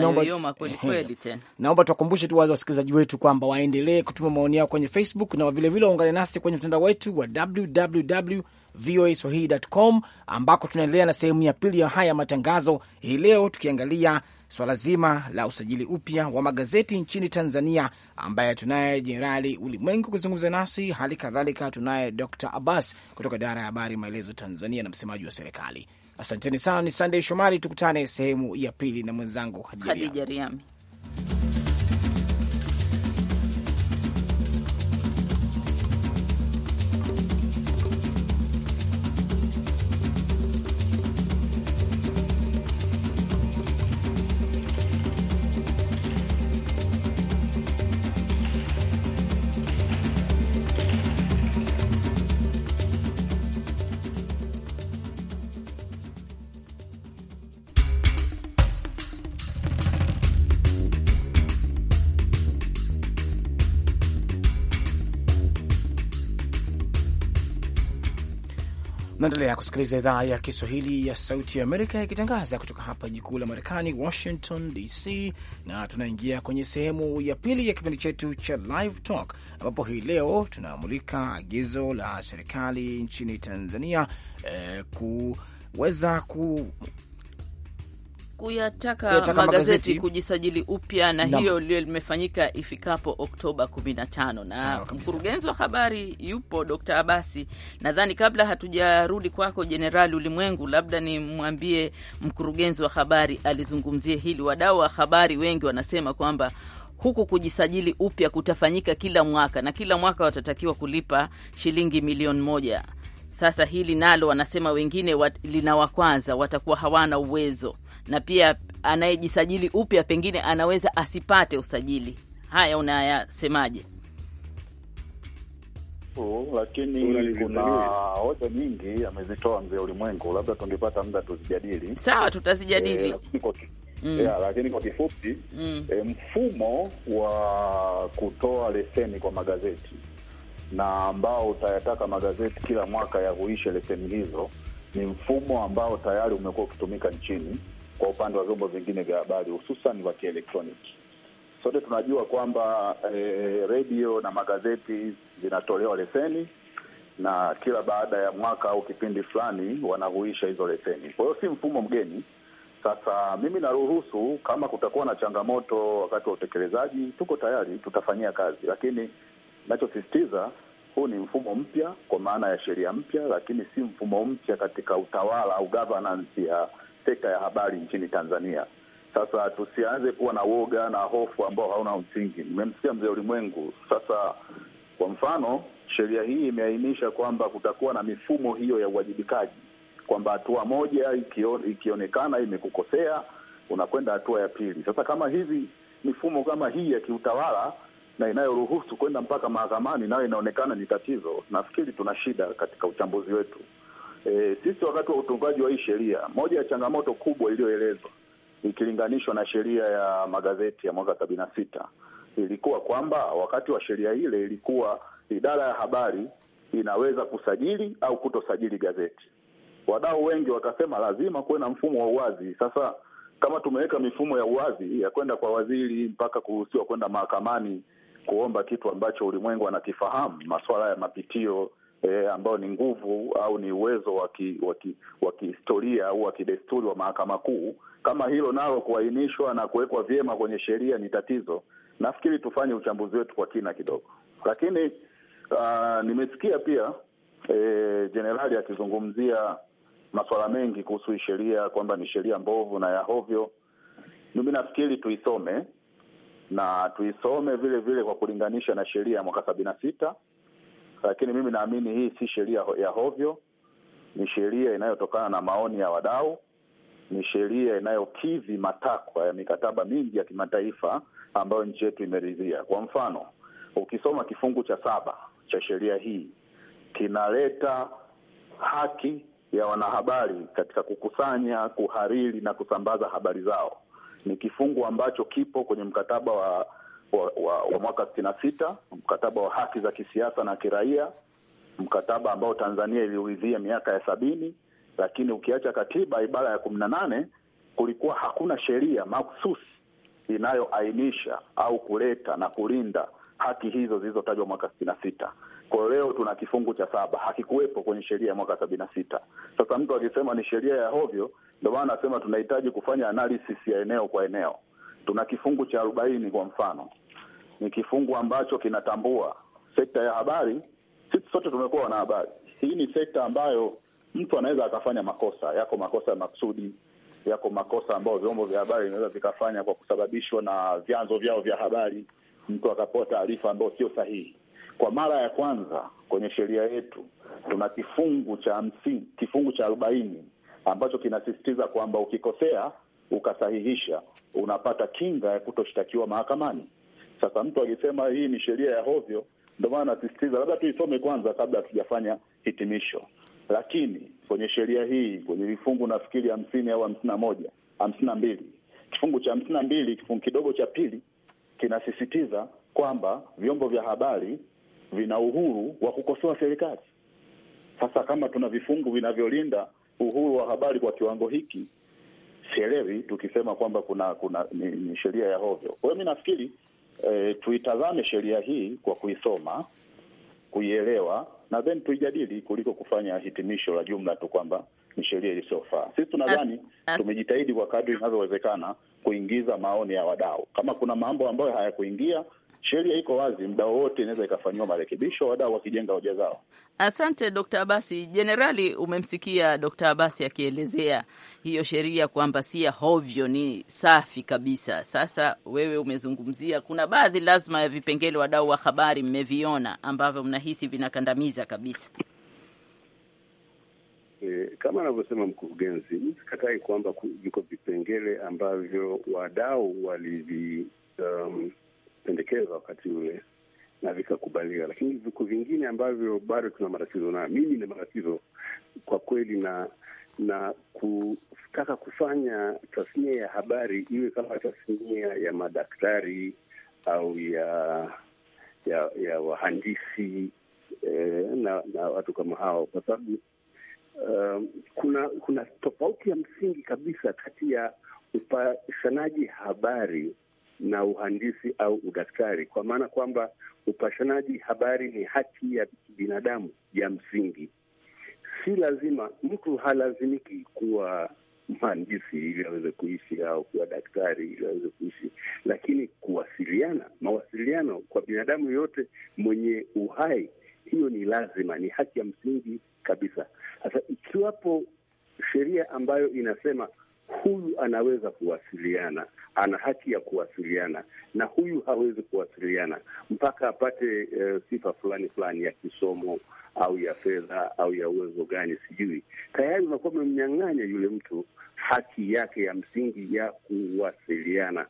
S2: eh, naomba tuwakumbushe tu wazi wasikilizaji wetu kwamba waendelee kutuma maoni yao kwenye Facebook na vilevile waungane nasi kwenye mtandao wetu wa www voa swahili.com ambako tunaendelea na sehemu ya pili ya haya matangazo hii leo tukiangalia swala zima la usajili upya wa magazeti nchini Tanzania, ambaye tunaye Jenerali Ulimwengu kuzungumza nasi, hali kadhalika tunaye Dr Abbas kutoka idara ya habari maelezo Tanzania na msemaji wa serikali. Asanteni sana, ni Sandey Shomari. Tukutane sehemu ya pili na mwenzangu Hadija Riami. naendelea kusikiliza idhaa ya Kiswahili ya Sauti ya Amerika ikitangaza kutoka hapa jiji kuu la Marekani, Washington DC, na tunaingia kwenye sehemu ya pili ya kipindi chetu cha Live Talk ambapo hii leo tunamulika agizo la serikali nchini Tanzania eh, kuweza ku
S3: kuyataka magazeti, magazeti kujisajili upya na na hiyo lio limefanyika ifikapo Oktoba 15 na mkurugenzi wa habari yupo Dr. Abasi. Nadhani kabla hatujarudi kwako Jenerali Ulimwengu, labda nimwambie mkurugenzi wa habari alizungumzie hili. Wadau wa habari wengi wanasema kwamba huku kujisajili upya kutafanyika kila mwaka na kila mwaka watatakiwa kulipa shilingi milioni moja. Sasa hili nalo wanasema wengine wat, linawakwaza, watakuwa hawana uwezo na pia anayejisajili upya pengine anaweza asipate usajili. Haya unayasemaje?
S6: lakini kuna hoja nyingi amezitoa mzee Ulimwengu, labda tungepata muda tuzijadili.
S3: Sawa, tutazijadili
S6: e, lakini kwa kifupi mm. E, mfumo wa kutoa leseni kwa magazeti na ambao utayataka magazeti kila mwaka yahuishe leseni hizo ni mfumo ambao tayari umekuwa ukitumika nchini kwa upande wa vyombo vingine vya habari hususan wa kielektroniki. Sote tunajua kwamba e, redio na magazeti zinatolewa leseni na kila baada ya mwaka au kipindi fulani wanahuisha hizo leseni. Kwa hiyo si mfumo mgeni. Sasa mimi naruhusu, kama kutakuwa na changamoto wakati wa utekelezaji, tuko tayari, tutafanyia kazi, lakini nachosisitiza, huu ni mfumo mpya kwa maana ya sheria mpya, lakini si mfumo mpya katika utawala au governance ya sekta ya habari nchini Tanzania. Sasa tusianze kuwa na woga na hofu ambao hauna msingi. Nimemsikia mzee Ulimwengu. Sasa kwa mfano, sheria hii imeainisha kwamba kutakuwa na mifumo hiyo ya uwajibikaji, kwamba hatua moja ikionekana imekukosea unakwenda hatua ya pili. Sasa kama hivi mifumo kama hii ya kiutawala na inayoruhusu kwenda mpaka mahakamani nayo inaonekana ni tatizo, nafikiri tuna shida katika uchambuzi wetu. E, sisi wakati wa utungaji wa hii sheria, moja ya changamoto kubwa iliyoelezwa ikilinganishwa na sheria ya magazeti ya mwaka sabini na sita ilikuwa kwamba wakati wa sheria ile ilikuwa idara ya habari inaweza kusajili au kutosajili gazeti. Wadau wengi wakasema lazima kuwe na mfumo wa uwazi. Sasa kama tumeweka mifumo ya uwazi ya kwenda kwa waziri mpaka kuruhusiwa kwenda mahakamani kuomba kitu ambacho ulimwengu anakifahamu, masuala ya mapitio e, ambayo ni nguvu au ni uwezo wa kihistoria au wa kidesturi wa mahakama kuu, kama hilo nalo kuainishwa na kuwekwa vyema kwenye sheria ni tatizo, nafikiri tufanye uchambuzi wetu kwa kina kidogo. Lakini uh, nimesikia pia e, jenerali akizungumzia masuala mengi kuhusu hii sheria kwamba ni sheria mbovu na ya hovyo. Mimi nafikiri tuisome na tuisome vile vile kwa kulinganisha na sheria ya mwaka sabini na sita lakini mimi naamini hii si sheria ya hovyo, ni sheria inayotokana na maoni ya wadau, ni sheria inayokidhi matakwa ya mikataba mingi ya kimataifa ambayo nchi yetu imeridhia. Kwa mfano, ukisoma kifungu cha saba cha sheria hii kinaleta haki ya wanahabari katika kukusanya, kuhariri na kusambaza habari zao. Ni kifungu ambacho kipo kwenye mkataba wa wa, wa, wa mwaka sitini na sita, mkataba wa haki za kisiasa na kiraia, mkataba ambao Tanzania iliuizia miaka ya sabini. Lakini ukiacha katiba ibara ya kumi na nane, kulikuwa hakuna sheria mahususi inayoainisha au kuleta na kulinda haki hizo zilizotajwa mwaka sitini na sita. Kwa leo tuna kifungu cha saba, hakikuwepo kwenye sheria ya mwaka sabini na sita. Sasa mtu akisema ni sheria ya hovyo, ndio maana anasema tunahitaji kufanya analisis ya eneo kwa eneo Tuna kifungu cha arobaini kwa mfano, ni kifungu ambacho kinatambua sekta ya habari. Sisi sote tumekuwa wanahabari. Hii ni sekta ambayo mtu anaweza akafanya makosa. Yako makosa ya maksudi yako makosa ambayo vyombo vya habari vinaweza vikafanya kwa kusababishwa na vyanzo vyao vya habari, mtu akapewa taarifa ambayo sio sahihi. Kwa mara ya kwanza kwenye sheria yetu tuna kifungu cha hamsini, kifungu cha arobaini ambacho kinasisitiza kwamba ukikosea ukasahihisha, unapata kinga ya kutoshtakiwa mahakamani. Sasa mtu akisema hii ni sheria ya hovyo, ndio maana nasisitiza labda tuisome kwanza kabla hatujafanya hitimisho. Lakini kwenye sheria hii kwenye vifungu nafikiri hamsini au hamsini na moja hamsini na mbili kifungu cha hamsini na mbili kifungu kidogo cha pili kinasisitiza kwamba vyombo vya habari vina uhuru wa kukosoa serikali. Sasa kama tuna vifungu vinavyolinda uhuru wa habari kwa kiwango hiki, sielewi tukisema kwamba kuna kuna ni, ni sheria ya hovyo. Kwa hiyo mi nafikiri e, tuitazame sheria hii kwa kuisoma, kuielewa na then tuijadili kuliko kufanya hitimisho la jumla tu kwamba ni sheria ilisiofaa. Sisi tunadhani tumejitahidi kwa kadri inavyowezekana kuingiza maoni ya wadau. Kama kuna mambo ambayo hayakuingia sheria iko wazi, muda wowote inaweza ikafanyiwa marekebisho, wadau wakijenga hoja zao.
S3: Asante Dr. Abasi. Jenerali, umemsikia Dr. Abasi akielezea hiyo sheria kwamba si ya hovyo, ni safi kabisa. Sasa wewe umezungumzia kuna baadhi lazima ya vipengele, wadau wa habari mmeviona, ambavyo mnahisi vinakandamiza kabisa.
S7: E, kama anavyosema mkurugenzi, sikatai kwamba viko vipengele ambavyo wadau walivi um, vilipendekezwa wakati ule na vikakubaliwa, lakini viko vingine ambavyo bado tuna matatizo na mimi na matatizo kwa kweli, na na kutaka kufanya tasnia ya habari iwe kama tasnia ya madaktari au ya ya, ya wahandisi eh, na, na watu kama hao, kwa sababu um, kuna kuna tofauti ya msingi kabisa kati ya upashanaji habari na uhandisi au udaktari, kwa maana kwamba upashanaji habari ni haki ya binadamu ya msingi. Si lazima, mtu halazimiki kuwa mhandisi ili aweze kuishi au kuwa daktari ili aweze kuishi, lakini kuwasiliana, mawasiliano kwa binadamu yote mwenye uhai, hiyo ni lazima, ni haki ya msingi kabisa. Sasa ikiwapo sheria ambayo inasema huyu anaweza kuwasiliana, ana haki ya kuwasiliana na huyu hawezi kuwasiliana mpaka apate uh, sifa fulani fulani ya kisomo au ya fedha au ya uwezo gani, sijui. Tayari unakuwa umemnyang'anya yule mtu haki yake ya msingi ya kuwasiliana.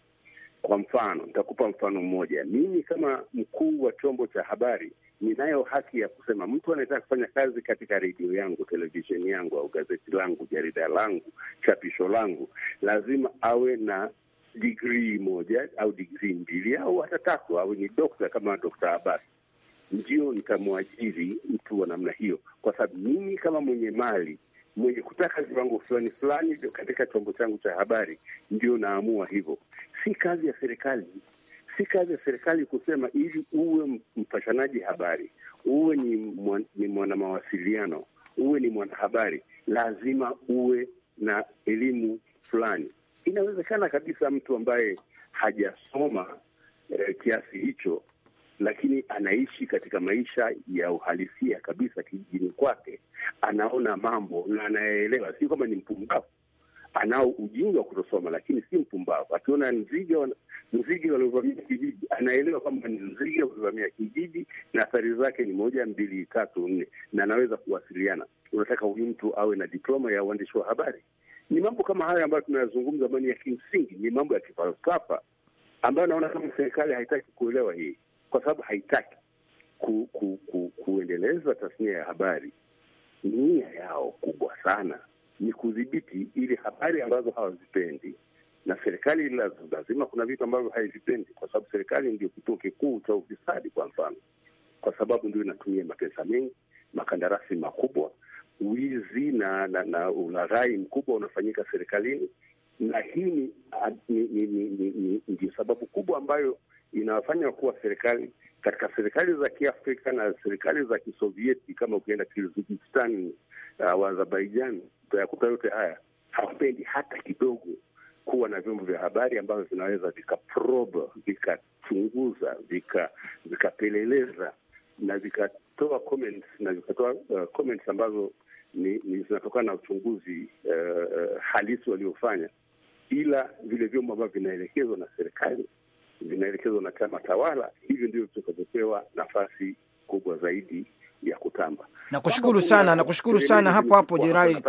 S7: Kwa mfano, nitakupa mfano mmoja. Mimi kama mkuu wa chombo cha habari ninayo haki ya kusema. Mtu anayetaka kufanya kazi katika redio yangu, televisheni yangu, au gazeti langu, jarida langu, chapisho langu, lazima awe na digrii moja au digrii mbili au hata tatu, awe ni dokta kama Dokta Abbas. Ndio nitamwajiri mtu wa namna hiyo, kwa sababu mimi kama mwenye mali mwenye kutaka viwango fulani fulani katika chombo changu cha habari, ndio naamua hivyo. Si kazi ya serikali, si kazi ya serikali kusema, ili uwe mpashanaji habari, uwe ni mwanamawasiliano, uwe ni mwanahabari, lazima uwe na elimu fulani. Inawezekana kabisa mtu ambaye hajasoma eh, kiasi hicho, lakini anaishi katika maisha ya uhalisia kabisa kijijini kwake, anaona mambo na anayeelewa sio kama ni mpumbavu anao ujinga wa kutosoma, lakini si mpumbavu. Akiona nzige nzige waliovamia kijiji, anaelewa kwamba ni nzige waliovamia kijiji na athari zake ni moja, mbili, tatu, nne, na anaweza kuwasiliana. Unataka huyu mtu awe na diploma ya uandishi wa habari? Ni mambo kama hayo ambayo tunayazungumza, ambayo ni ya kimsingi, ni mambo ya kifalsafa ambayo naona kama serikali haitaki kuelewa hii, kwa sababu haitaki ku, ku, ku, kuendeleza tasnia ya habari. Nia yao kubwa sana ni kudhibiti ili habari ambazo hawazipendi, na serikali lazima, kuna vitu ambavyo haivipendi, kwa sababu serikali ndio kituo kikuu cha ufisadi, kwa mfano, kwa sababu ndio inatumia mapesa mengi, makandarasi makubwa, wizi na na, na ulaghai mkubwa unafanyika serikalini, na hii ni ndio sababu kubwa ambayo inawafanya kuwa serikali katika serikali za Kiafrika na serikali za Kisovieti, kama ukienda Kirgizistani uh, Azerbaijan tayakuta yote haya hawapendi hata kidogo kuwa na vyombo vya habari ambavyo vinaweza vikaprobe, vikachunguza, vikapeleleza na vikatoa comments na vikatoa uh, comments ambazo ni, ni zinatokana na uchunguzi uh, uh, halisi waliofanya, ila vile vyombo ambavyo vinaelekezwa na serikali vinaelekezwa na chama tawala, hivyo ndivyo vitakavyopewa nafasi kubwa zaidi ya kutamba.
S2: Nakushukuru sana, nakushukuru sana. Hapo hapo Jenerali,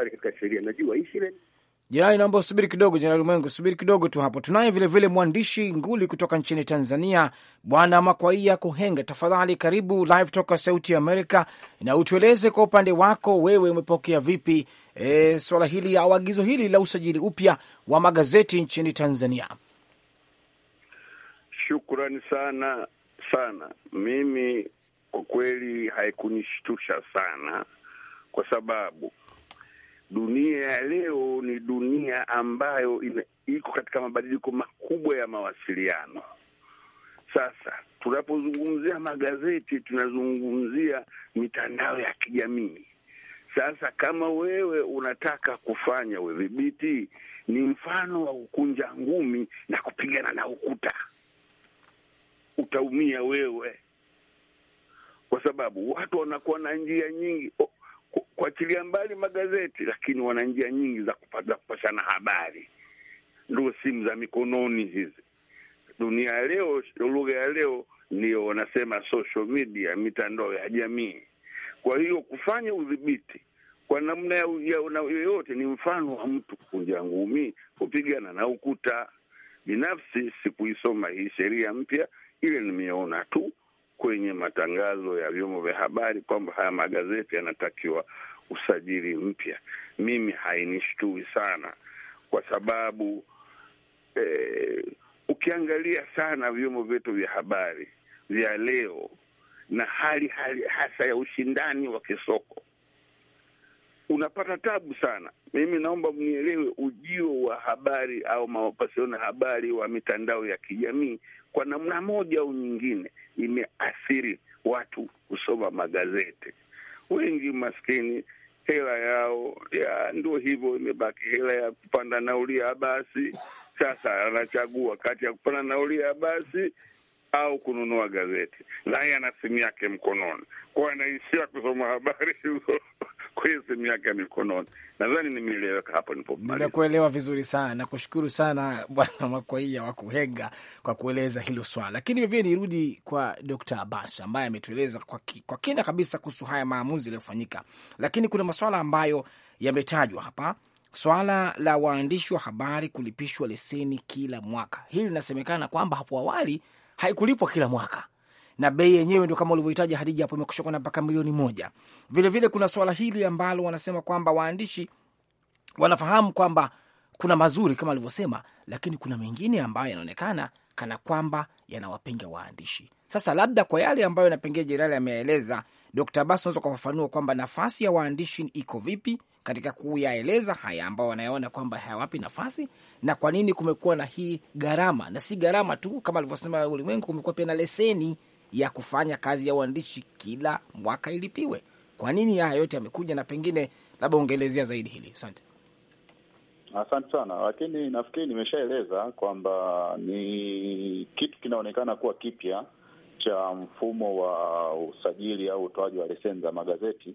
S2: Jenerali, naomba usubiri kidogo. Jenerali Mwengu, subiri kidogo tu hapo. Tunaye vilevile mwandishi nguli kutoka nchini Tanzania, Bwana Makwaia Kuhenga. Tafadhali karibu Live Talk Sauti ya Amerika na utueleze kwa upande wako, wewe umepokea vipi e, swala hili au agizo hili la usajili upya wa magazeti nchini Tanzania?
S8: Shukrani sana sana. Mimi kwa kweli haikunishtusha sana, kwa sababu dunia ya leo ni dunia ambayo iko katika mabadiliko makubwa ya mawasiliano. Sasa tunapozungumzia magazeti, tunazungumzia mitandao ya kijamii. Sasa kama wewe unataka kufanya udhibiti, ni mfano wa kukunja ngumi na kupigana na ukuta, utaumia wewe kwa sababu watu wanakuwa na njia nyingi kuachilia mbali magazeti, lakini wana njia nyingi za kupashana habari, ndio simu za mikononi hizi. Dunia ya leo, lugha ya leo ndio wanasema social media, mitandao ya jamii. Kwa hiyo kufanya udhibiti kwa namna yoyote ni mfano wa mtu kunja ngumi, kupigana na ukuta. Binafsi sikuisoma hii sheria mpya, ile nimeona tu kwenye matangazo ya vyombo vya habari kwamba haya magazeti yanatakiwa usajili mpya. Mimi hainishtui sana kwa sababu eh, ukiangalia sana vyombo vyetu vya habari vya leo na hali, hali hasa ya ushindani wa kisoko unapata tabu sana. Mimi naomba mnielewe, ujio wa habari au mapasiano habari wa mitandao ya kijamii kwa namna moja au nyingine imeathiri watu kusoma magazeti. Wengi maskini, hela yao ya ndio hivyo imebaki, hela ya kupanda nauli ya basi. Sasa anachagua kati ya kupanda nauli ya basi au kununua gazeti, na ana simu yake mkononi, kwa anaishia kusoma habari hizo kweli simu yake ya mikononi. Nadhani nimeeleweka hapo nipo. Nimekuelewa
S2: vizuri sana, nakushukuru sana Bwana Makwaia wa Kuhega kwa kueleza hilo swala, lakini vivie nirudi kwa Dr. Abbas ambaye ametueleza kwa, ki, kwa kina kabisa kuhusu haya maamuzi yaliyofanyika, lakini kuna maswala ambayo yametajwa hapa swala la waandishi wa habari kulipishwa leseni kila mwaka. Hili linasemekana kwamba hapo awali haikulipwa kila mwaka, na bei yenyewe ndio kama ulivyohitaji Hadija hapo imekusha kwenda mpaka milioni moja. Vilevile vile kuna swala hili ambalo wanasema kwamba waandishi wanafahamu kwamba kuna mazuri kama alivyosema, lakini kuna mengine ambayo yanaonekana kana kwamba yanawapinga waandishi. Sasa labda kwa yale ambayo yanapengea Jenerali ameeleza, Dkt. Abbas unaweza kufafanua kwamba nafasi ya waandishi iko vipi katika kuyaeleza haya ambayo wanayaona kwamba hayawapi nafasi, na kwa nini kumekuwa na hii gharama, na si gharama tu kama alivyosema Ulimwengu, kumekuwa pia na leseni ya kufanya kazi ya uandishi kila mwaka ilipiwe. Kwa nini haya yote yamekuja? Na pengine labda ungeelezea zaidi hili. Asante.
S6: Asante sana, lakini nafikiri nimeshaeleza kwamba ni kitu kinaonekana kuwa kipya cha mfumo wa usajili au utoaji wa leseni za magazeti,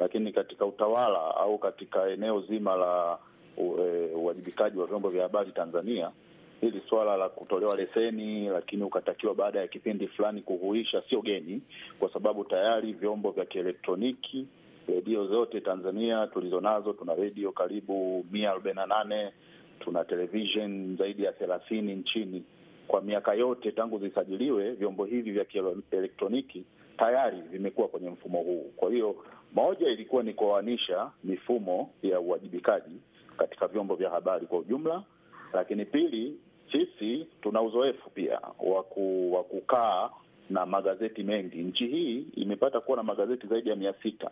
S6: lakini katika utawala au katika eneo zima la e, uwajibikaji wa vyombo vya habari Tanzania hili swala la kutolewa leseni, lakini ukatakiwa baada ya kipindi fulani kuhuisha, sio geni, kwa sababu tayari vyombo vya kielektroniki redio zote Tanzania tulizonazo, tuna redio karibu mia arobaini na nane, tuna televishen zaidi ya thelathini nchini. Kwa miaka yote tangu zisajiliwe, vyombo hivi vya kielektroniki tayari vimekuwa kwenye mfumo huu. Kwa hiyo moja ilikuwa ni kuoanisha mifumo ya uwajibikaji katika vyombo vya habari kwa ujumla, lakini pili sisi tuna uzoefu pia wa kukaa na magazeti mengi. Nchi hii imepata kuwa na magazeti zaidi ya mia sita.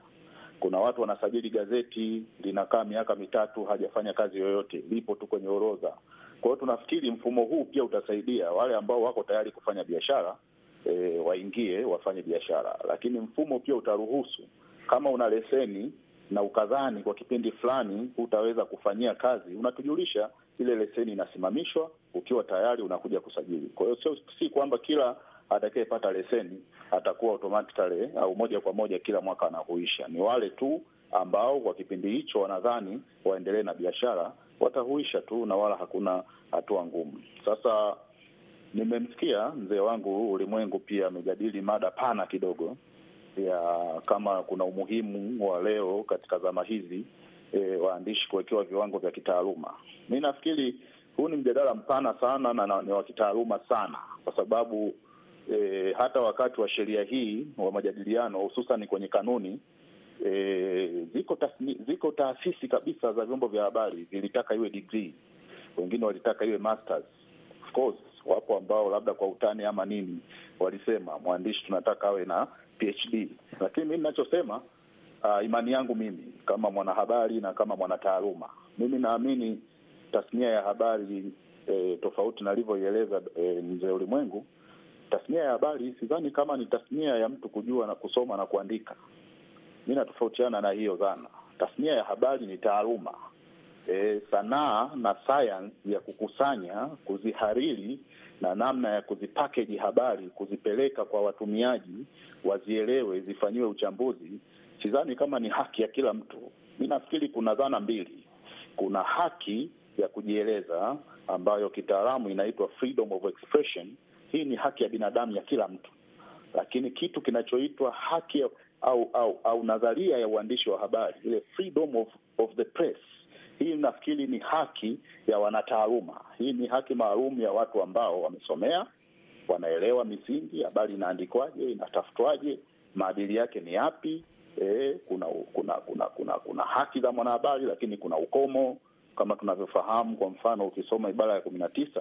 S6: Kuna watu wanasajili gazeti linakaa miaka mitatu hajafanya kazi yoyote, lipo tu kwenye orodha. Kwa hiyo tunafikiri mfumo huu pia utasaidia wale ambao wako tayari kufanya biashara e, waingie wafanye biashara, lakini mfumo pia utaruhusu kama una leseni na ukadhani kwa kipindi fulani hutaweza kufanyia kazi, unatujulisha, ile leseni inasimamishwa ukiwa tayari unakuja kusajili. Kwa hiyo sio si kwamba kila atakayepata leseni atakuwa automatically au moja kwa moja kila mwaka anahuisha. Ni wale tu ambao kwa kipindi hicho wanadhani waendelee na biashara watahuisha tu, na wala hakuna hatua ngumu. Sasa nimemsikia mzee wangu Ulimwengu pia amejadili mada pana kidogo ya kama kuna umuhimu wa leo katika zama hizi e, waandishi kuwekewa viwango vya kitaaluma. Mi nafikiri huu ni mjadala mpana sana na ni wa kitaaluma sana, kwa sababu e, hata wakati wa sheria hii wa majadiliano hususan kwenye kanuni e, ziko tasmi, ziko taasisi kabisa za vyombo vya habari zilitaka iwe degree, wengine walitaka iwe masters. Of course wapo ambao labda kwa utani ama nini walisema mwandishi tunataka awe na PhD, lakini mii ninachosema uh, imani yangu mimi kama mwanahabari na kama mwanataaluma, mimi naamini tasnia ya habari e, tofauti na alivyoieleza e, mzee Ulimwengu, tasnia ya habari sidhani kama ni tasnia ya mtu kujua na kusoma na kuandika. Mi natofautiana na hiyo dhana. Tasnia ya habari ni taaluma e, sanaa na sayansi ya kukusanya, kuzihariri na namna ya kuzipakeji habari, kuzipeleka kwa watumiaji wazielewe, zifanyiwe uchambuzi. Sidhani kama ni haki ya kila mtu. Mi nafikiri kuna dhana mbili, kuna haki ya kujieleza ambayo kitaalamu inaitwa freedom of expression. Hii ni haki ya binadamu ya kila mtu, lakini kitu kinachoitwa haki ya, au au au nadharia ya uandishi wa habari ile freedom of, of the press hii nafikiri ni haki ya wanataaluma. Hii ni haki maalum ya watu ambao wamesomea, wanaelewa misingi, habari inaandikwaje, inatafutwaje, maadili yake ni yapi. E, kuna, kuna kuna kuna kuna haki za mwanahabari, lakini kuna ukomo kama tunavyofahamu, kwa mfano, ukisoma ibara ya kumi na tisa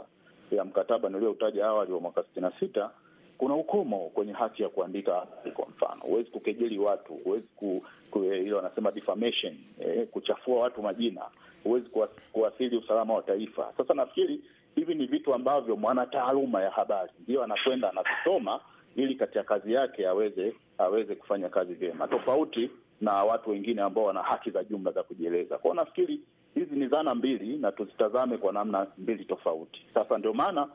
S6: ya mkataba niliyoutaja awali wa mwaka sitini na sita kuna ukomo kwenye haki ya kuandika. Kwa mfano, huwezi kukejeli watu, huwezi ku, ku, ile wanasema defamation, eh, kuchafua watu majina, huwezi kuathiri usalama wa taifa. Sasa nafikiri hivi ni vitu ambavyo mwanataaluma ya habari ndio anakwenda anavisoma ili katika kazi yake aweze aweze kufanya kazi vyema, tofauti na watu wengine ambao wana haki za jumla za kujieleza kwao. Nafikiri hizi ni dhana mbili na tuzitazame kwa namna mbili tofauti. Sasa ndio maana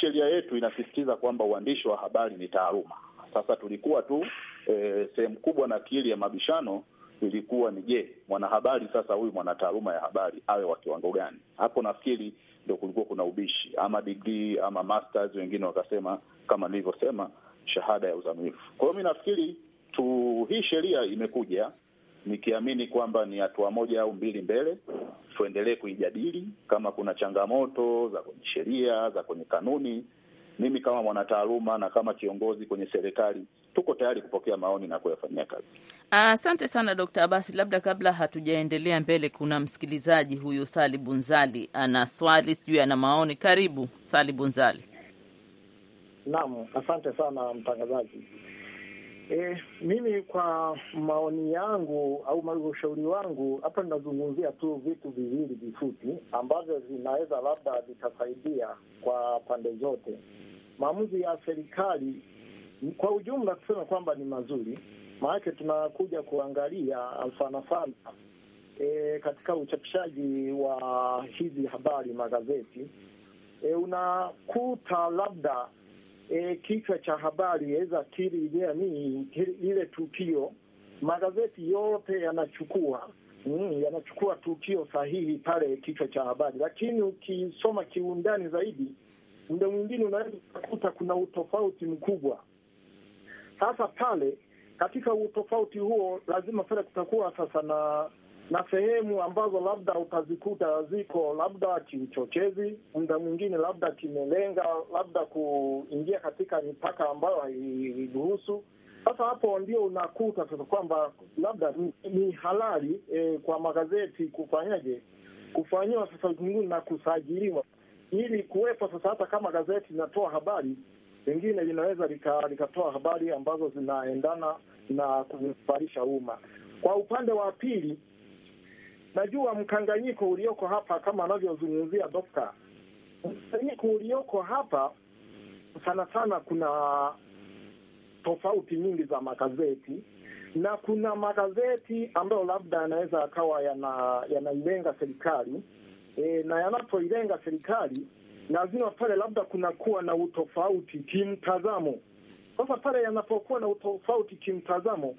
S6: sheria yetu inasisitiza kwamba uandishi wa habari ni taaluma. Sasa tulikuwa tu e, sehemu kubwa na kili ya mabishano ilikuwa ni je, mwanahabari sasa huyu mwanataaluma ya habari awe wa kiwango gani? Hapo nafikiri ndio kulikuwa kuna ubishi, ama degree ama masters, wengine wakasema kama nilivyosema shahada ya uzamivu. Kwa hiyo mi nafikiri tu hii sheria imekuja nikiamini kwamba ni hatua moja au mbili mbele. Tuendelee kuijadili kama kuna changamoto za kwenye sheria za kwenye kanuni. Mimi kama mwanataaluma na kama kiongozi kwenye serikali tuko tayari kupokea maoni na kuyafanyia kazi.
S3: Asante sana Dokta Abasi. Labda kabla hatujaendelea mbele, kuna msikilizaji huyu Sali Bunzali ana swali, sijui ana maoni. Karibu Sali Bunzali.
S1: Naam, asante sana mtangazaji. E, mimi kwa maoni yangu au ushauri wangu hapa ninazungumzia tu vitu viwili vifupi ambavyo vinaweza labda vitasaidia kwa pande zote. Maamuzi ya serikali kwa ujumla kusema kwamba ni mazuri, maanake tunakuja kuangalia sana sana e, katika uchapishaji wa hizi habari magazeti e, unakuta labda e, kichwa cha habari yaweza kiri ile ni ile tukio. Magazeti yote yanachukua mm, yanachukua tukio sahihi pale kichwa cha habari, lakini ukisoma kiundani zaidi, muda mwingine unaweza kukuta kuna utofauti mkubwa. Sasa pale katika utofauti huo lazima pale kutakuwa sasa na na sehemu ambazo labda utazikuta ziko labda kiuchochezi, muda mwingine labda kimelenga labda kuingia katika mipaka ambayo hairuhusu. Sasa hapo ndio unakuta sasa kwamba labda ni halali e, kwa magazeti kufanyaje, kufanyiwa sasa uchunguzi na kusajiliwa ili kuwepo sasa, hata kama gazeti linatoa habari pengine linaweza likatoa lika habari ambazo zinaendana na kufarisha umma. Kwa upande wa pili Najua mkanganyiko ulioko hapa, kama anavyozungumzia dokta, mkanganyiko ulioko hapa sana sana, kuna tofauti nyingi za magazeti na kuna magazeti ambayo labda yanaweza yakawa yanailenga yana serikali e, na yanapoilenga serikali lazima pale labda kunakuwa na utofauti kimtazamo. Sasa pale yanapokuwa na utofauti kimtazamo,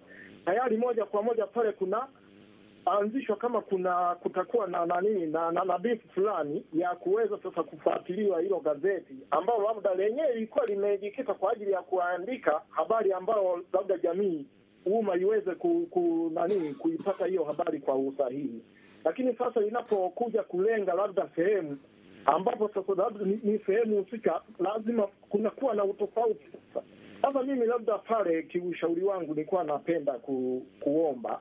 S1: tayari moja kwa moja pale kuna anzishwa kama kuna kutakuwa na nani na, na, na bifu fulani ya kuweza sasa kufuatiliwa hilo gazeti ambalo labda lenyewe lilikuwa limejikita kwa ajili ya kuandika habari ambayo labda jamii umma iweze ku, ku, nani kuipata hiyo habari kwa usahihi, lakini sasa linapokuja kulenga labda sehemu ambapo sasa labda ni, ni sehemu husika, lazima kunakuwa na utofauti sasa. Sasa mimi labda pale kiushauri wangu nilikuwa napenda ku, kuomba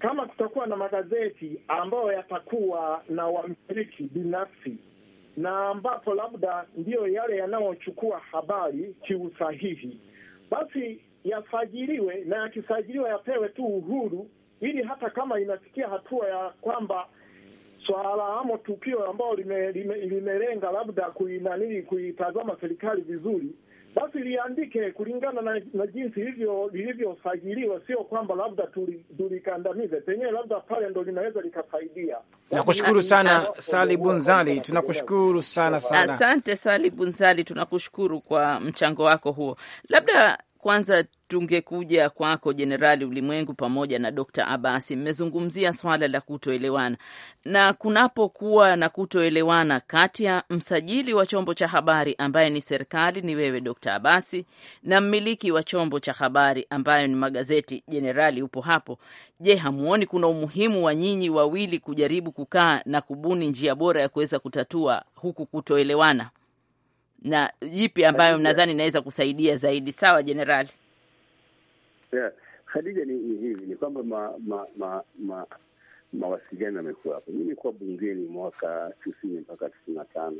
S1: kama kutakuwa na magazeti ambayo yatakuwa na wamiliki binafsi na ambapo labda ndiyo yale yanayochukua habari kiusahihi, basi yasajiliwe, na yakisajiliwa yapewe tu uhuru, ili hata kama inafikia hatua ya kwamba swala ama tukio ambayo limelenga lime, lime labda kuinanili kuitazama serikali vizuri basi liandike kulingana na, na jinsi hivyo lilivyosajiliwa, sio kwamba labda tulikandamize penyewe, labda pale ndo linaweza likasaidia.
S3: Nakushukuru sana Sali Bunzali, tunakushukuru sana sana. Asante Sali Bunzali, tunakushukuru kwa mchango wako huo. Labda kwanza tungekuja kwako Jenerali Ulimwengu pamoja na Dr. Abasi, mmezungumzia swala la kutoelewana na kunapokuwa na kutoelewana kati ya msajili wa chombo cha habari ambaye ni serikali, ni wewe Dr. Abasi, na mmiliki wa chombo cha habari ambayo ni magazeti, Jenerali upo hapo. Je, hamuoni kuna umuhimu wa nyinyi wawili kujaribu kukaa na kubuni njia bora ya kuweza kutatua huku kutoelewana? na yipi ambayo mnadhani inaweza kusaidia zaidi. Sawa jenerali.
S7: Yeah. Khadija, ni hivi ni kwamba ma, ma, ma, ma, mawasiliano yamekuwa hapo. Mi nilikuwa bungeni mwaka tisini mpaka tisini na tano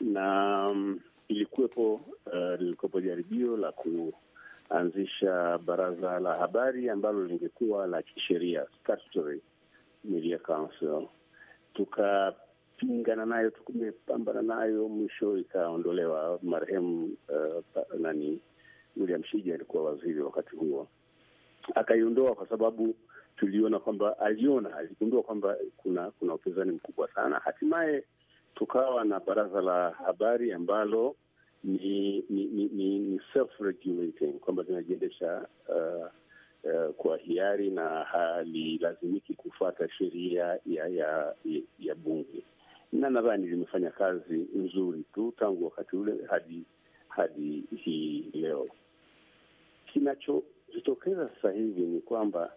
S7: na mm, ilikuwepo eh, lilikuwepo uh, jaribio la kuanzisha baraza la habari ambalo lingekuwa la kisheria statutory media council tuka tumepingana nayo, tumepambana nayo, mwisho ikaondolewa. Marehemu uh, nani William Shija alikuwa waziri wakati huo, akaiondoa kwa sababu tuliona kwamba aliona aligundua kwamba kuna kuna upinzani mkubwa sana. Hatimaye tukawa na baraza la habari ambalo ni ni, ni, ni, ni self-regulating kwamba linajiendesha uh, uh, kwa hiari na halilazimiki kufuata sheria ya ya, ya bunge na nadhani limefanya kazi nzuri tu tangu wakati ule hadi hadi hii leo. Kinachojitokeza sasa hivi ni kwamba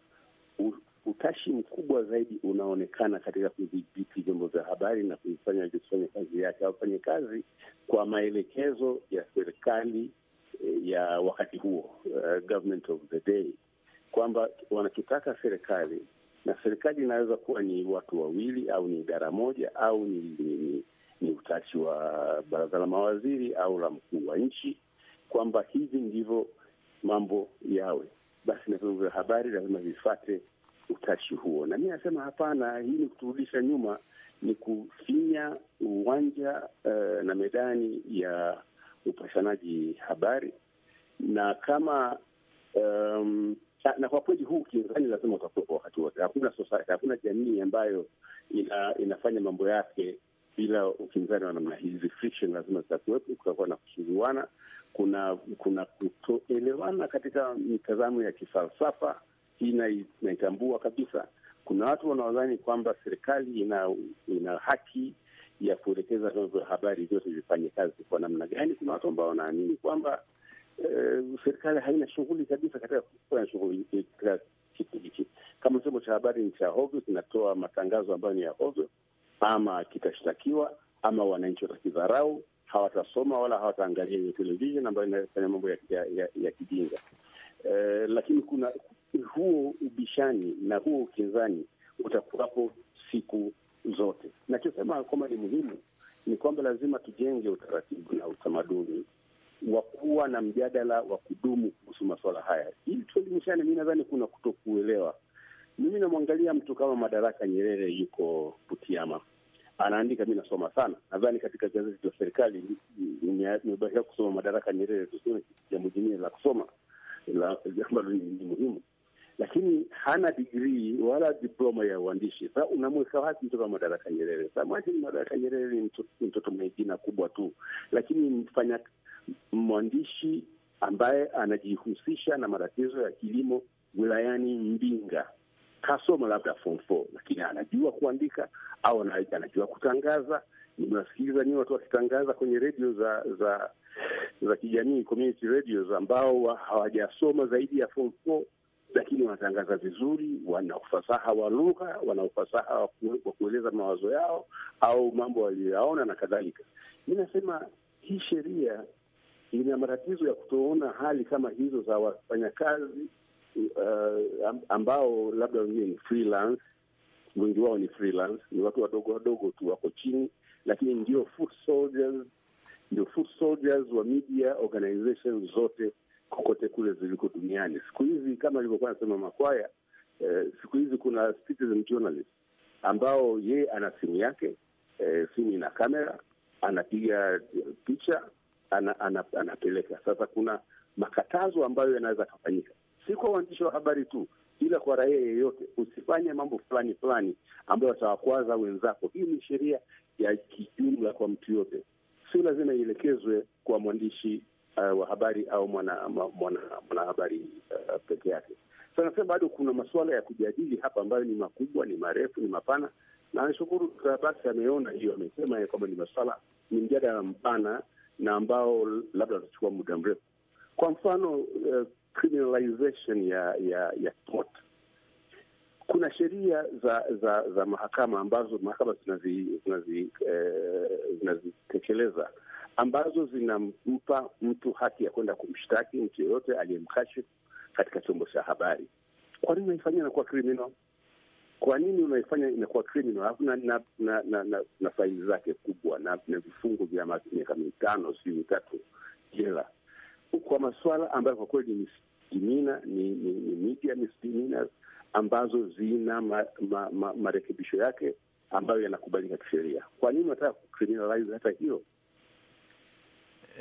S7: utashi mkubwa zaidi unaonekana katika kudhibiti vyombo vya habari na kuifanya visifanye kazi yake au fanye kazi kwa maelekezo ya serikali eh, ya wakati huo, uh, government of the day, kwamba wanachotaka serikali na serikali inaweza kuwa ni watu wawili au ni idara moja au ni, ni, ni, ni utashi wa baraza la mawaziri au la mkuu wa nchi, kwamba hivi ndivyo mambo yawe, basi na vyombo vya habari lazima vifate utashi huo. Na mi nasema hapana, hii ni kuturudisha nyuma, ni kufinya uwanja uh, na medani ya upashanaji habari na kama um, na kwa kweli huu ukinzani lazima utakuwepo wakati wote. Hakuna hakuna jamii ambayo ina, inafanya mambo yake bila ukinzani wa namna hizi. Friction lazima zitakuwepo, kutakuwa na kusuguana, kuna kuna kutoelewana katika mitazamo ya kifalsafa. Hii naitambua kabisa. Kuna watu wanaodhani kwamba serikali ina, ina haki ya kuelekeza vyombo vya habari vyote vifanye kazi kwa namna gani. Kuna watu ambao wanaamini kwamba Eh, serikali haina shughuli kabisa katika kufanya shughuli kila kitu hiki. Kama chombo cha habari ni cha hovyo, kinatoa matangazo ambayo ni ya hovyo, ama kitashtakiwa ama wananchi watakidharau, hawatasoma wala hawataangalia hiyo televisheni ambayo inafanya mambo ya, ya, ya, ya kijinga. Eh, lakini kuna huo ubishani na huo ukinzani utakuwapo siku zote. Nachosema kwamba ni muhimu ni kwamba lazima tujenge utaratibu na utamaduni wa kuwa na mjadala wa kudumu kuhusu masuala haya, ili tuelimishane. Mi nadhani kuna kutokuelewa. Mimi namwangalia mtu kama Madaraka Nyerere, yuko Butiama, anaandika, mi nasoma sana. Nadhani katika gazeti la serikali nimebakia kusoma Madaraka Nyerere, tuseme jambo jingine la kusoma ambalo ni muhimu lakini hana digrii wala diploma ya uandishi. Sa unamweka wapi mtoto wa Madaraka Nyerere? Samahani, Madaraka Nyerere ni mtoto mwenye jina kubwa tu, lakini mfanya mwandishi ambaye anajihusisha na matatizo ya kilimo wilayani Mbinga kasoma labda form four, lakini anajua kuandika au anajua kutangaza. Nimewasikiliza nyie watu wakitangaza kwenye redio za za za kijamii, community radios, ambao hawajasoma zaidi ya form four lakini wanatangaza vizuri, wana ufasaha wa lugha, wana ufasaha wa kueleza mawazo yao au mambo waliyoyaona na kadhalika. Mi nasema hii sheria ina matatizo ya kutoona hali kama hizo za wafanyakazi uh, ambao labda wengine ni freelance, wengi wao ni freelance, ni watu wadogo wadogo tu wako chini, lakini ndio foot soldiers, ndio foot soldiers wa media organizations zote kokote kule ziliko duniani. Siku hizi kama alivyokuwa anasema Makwaya, eh, siku hizi kuna citizen journalist ambao yeye ana simu yake, eh, simu ina kamera, anapiga picha ana, ana, anapeleka. Sasa kuna makatazo ambayo yanaweza akafanyika, si kwa waandishi wa habari tu, ila kwa raia yeyote, usifanye mambo fulani fulani ambayo atawakwaza wenzako. Hii ni sheria ya kijumla kwa mtu yote, sio lazima ielekezwe kwa mwandishi uh, wa habari au mwanahabari mwana, mwana uh, peke yake. So nasema bado kuna masuala ya kujadili hapa ambayo ni makubwa, ni marefu, ni mapana, na nashukuru basi ameona hiyo, amesema kwamba ni masuala, ni mjadala mpana na ambao labda watachukua muda mrefu. Kwa mfano uh, criminalization ya ya ya sport. Kuna sheria za za za mahakama ambazo mahakama zinazitekeleza zinazi- eh, uh, zinazitekeleza ambazo zinampa mtu haki ya kwenda kumshtaki mtu yeyote aliyemkashifu katika chombo cha habari. Kwa nini unaifanya inakuwa criminal? Kwa nini unaifanya inakuwa criminal? Alafu na, na, na, na, na, na faili zake kubwa na, na vifungo vya miaka mitano siu mitatu jela kwa masuala ambayo kwa kweli ni misdimina, ni, ni, ni media misdimina ambazo zina marekebisho ma, ma, yake ambayo yanakubalika kisheria. Kwa nini unataka kucriminalize hata hiyo?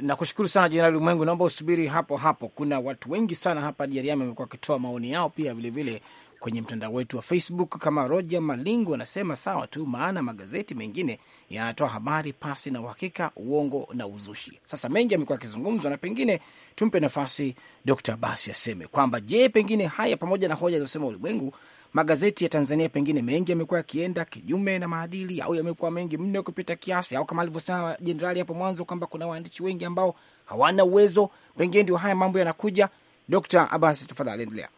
S2: Nakushukuru sana Jenerali Ulimwengu, naomba usubiri hapo hapo. Kuna watu wengi sana hapa Jariama wamekuwa wakitoa maoni yao pia vilevile vile kwenye mtandao wetu wa Facebook. Kama Roja Malingu anasema sawa tu, maana magazeti mengine yanatoa habari pasi na uhakika, uongo na uzushi. Sasa mengi amekuwa akizungumzwa, na pengine tumpe nafasi Dr. Basi aseme kwamba je, pengine haya pamoja na hoja alizosema Ulimwengu magazeti ya Tanzania pengine mengi yamekuwa yakienda kinyume na maadili au yamekuwa mengi mno kupita kiasi, au kama alivyosema jenerali hapo mwanzo kwamba kuna waandishi wengi ambao hawana uwezo, pengine ndio haya mambo yanakuja. Dkt. Abbas, tafadhali endelea.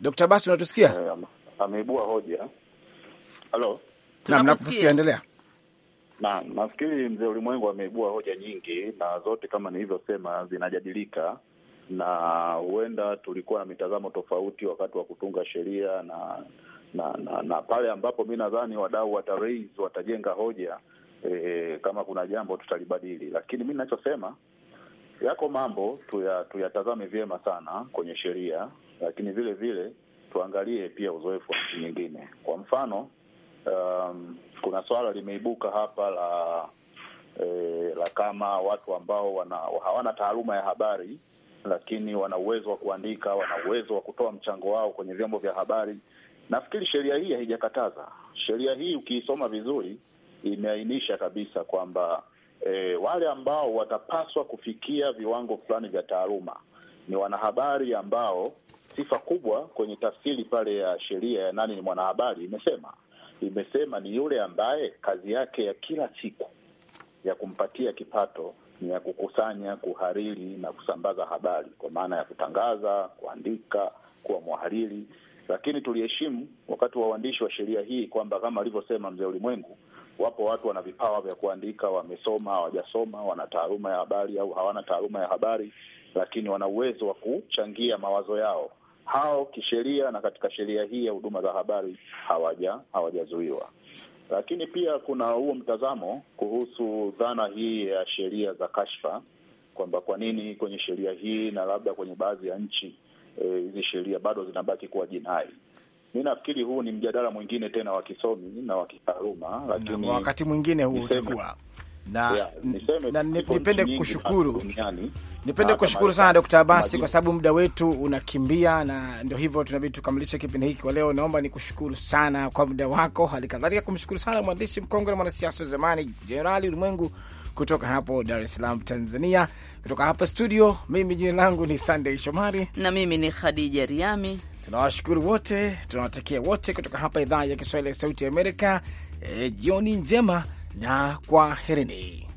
S2: Dkt. Abbas, unatusikia? Eh, ameibua hoja. Halo, naam, nakusikia, endelea.
S6: Na nafikiri mzee Ulimwengu ameibua hoja nyingi na zote kama nilivyosema zinajadilika na huenda tulikuwa na mitazamo tofauti wakati wa kutunga sheria na na, na na pale ambapo mi nadhani wadau wata raise watajenga hoja e, e, kama kuna jambo tutalibadili, lakini mi ninachosema yako mambo tuyatazame tuya vyema sana kwenye sheria, lakini vile vile tuangalie pia uzoefu wa nchi nyingine. Kwa mfano um, kuna swala limeibuka hapa la e, la kama watu ambao wana, hawana taaluma ya habari lakini wana uwezo wa kuandika, wana uwezo wa kutoa mchango wao kwenye vyombo vya habari. Nafikiri sheria hii haijakataza. Sheria hii ukiisoma vizuri, imeainisha kabisa kwamba e, wale ambao watapaswa kufikia viwango fulani vya taaluma ni wanahabari ambao sifa kubwa kwenye tafsiri pale ya sheria ya nani ni mwanahabari imesema imesema ni yule ambaye kazi yake ya kila siku ya kumpatia kipato ni ya kukusanya, kuhariri na kusambaza habari kwa maana ya kutangaza, kuandika, kuwa mwahariri. Lakini tuliheshimu wakati wa uandishi wa sheria hii kwamba kama alivyosema mzee Ulimwengu, wapo watu wana vipawa vya kuandika, wamesoma, hawajasoma, wana taaluma ya habari au hawana taaluma ya habari, lakini wana uwezo wa kuchangia mawazo yao hao kisheria, na katika sheria hii ya huduma za habari hawaja hawajazuiwa. Lakini pia kuna huo mtazamo kuhusu dhana hii ya sheria za kashfa, kwamba kwa nini kwenye sheria hii na labda kwenye baadhi ya nchi e, hizi e, sheria bado zinabaki kuwa jinai. Mi nafikiri huu ni mjadala mwingine tena wa
S2: kisomi na wa kitaaluma, lakini wakati mwingine huu utakuwa na, na nipende kukushukuru nipende kushukuru sana Dkt. Abasi kwa sababu muda wetu unakimbia, na ndio hivyo tunabidi tukamilishe kipindi hiki kwa leo. Naomba nikushukuru sana kwa muda wako, hali kadhalika kumshukuru sana mwandishi mkongwe na mwanasiasa wa zamani Jenerali Ulimwengu kutoka hapo Dar es Salaam, Tanzania. Kutoka hapa studio, mimi jina langu ni sandey Shomari na mimi ni Khadija Riami. Tunawashukuru wote, tunawatakia wote kutoka hapa idhaa ya Kiswahili ya Sauti ya Amerika. E, jioni njema na kwaherini.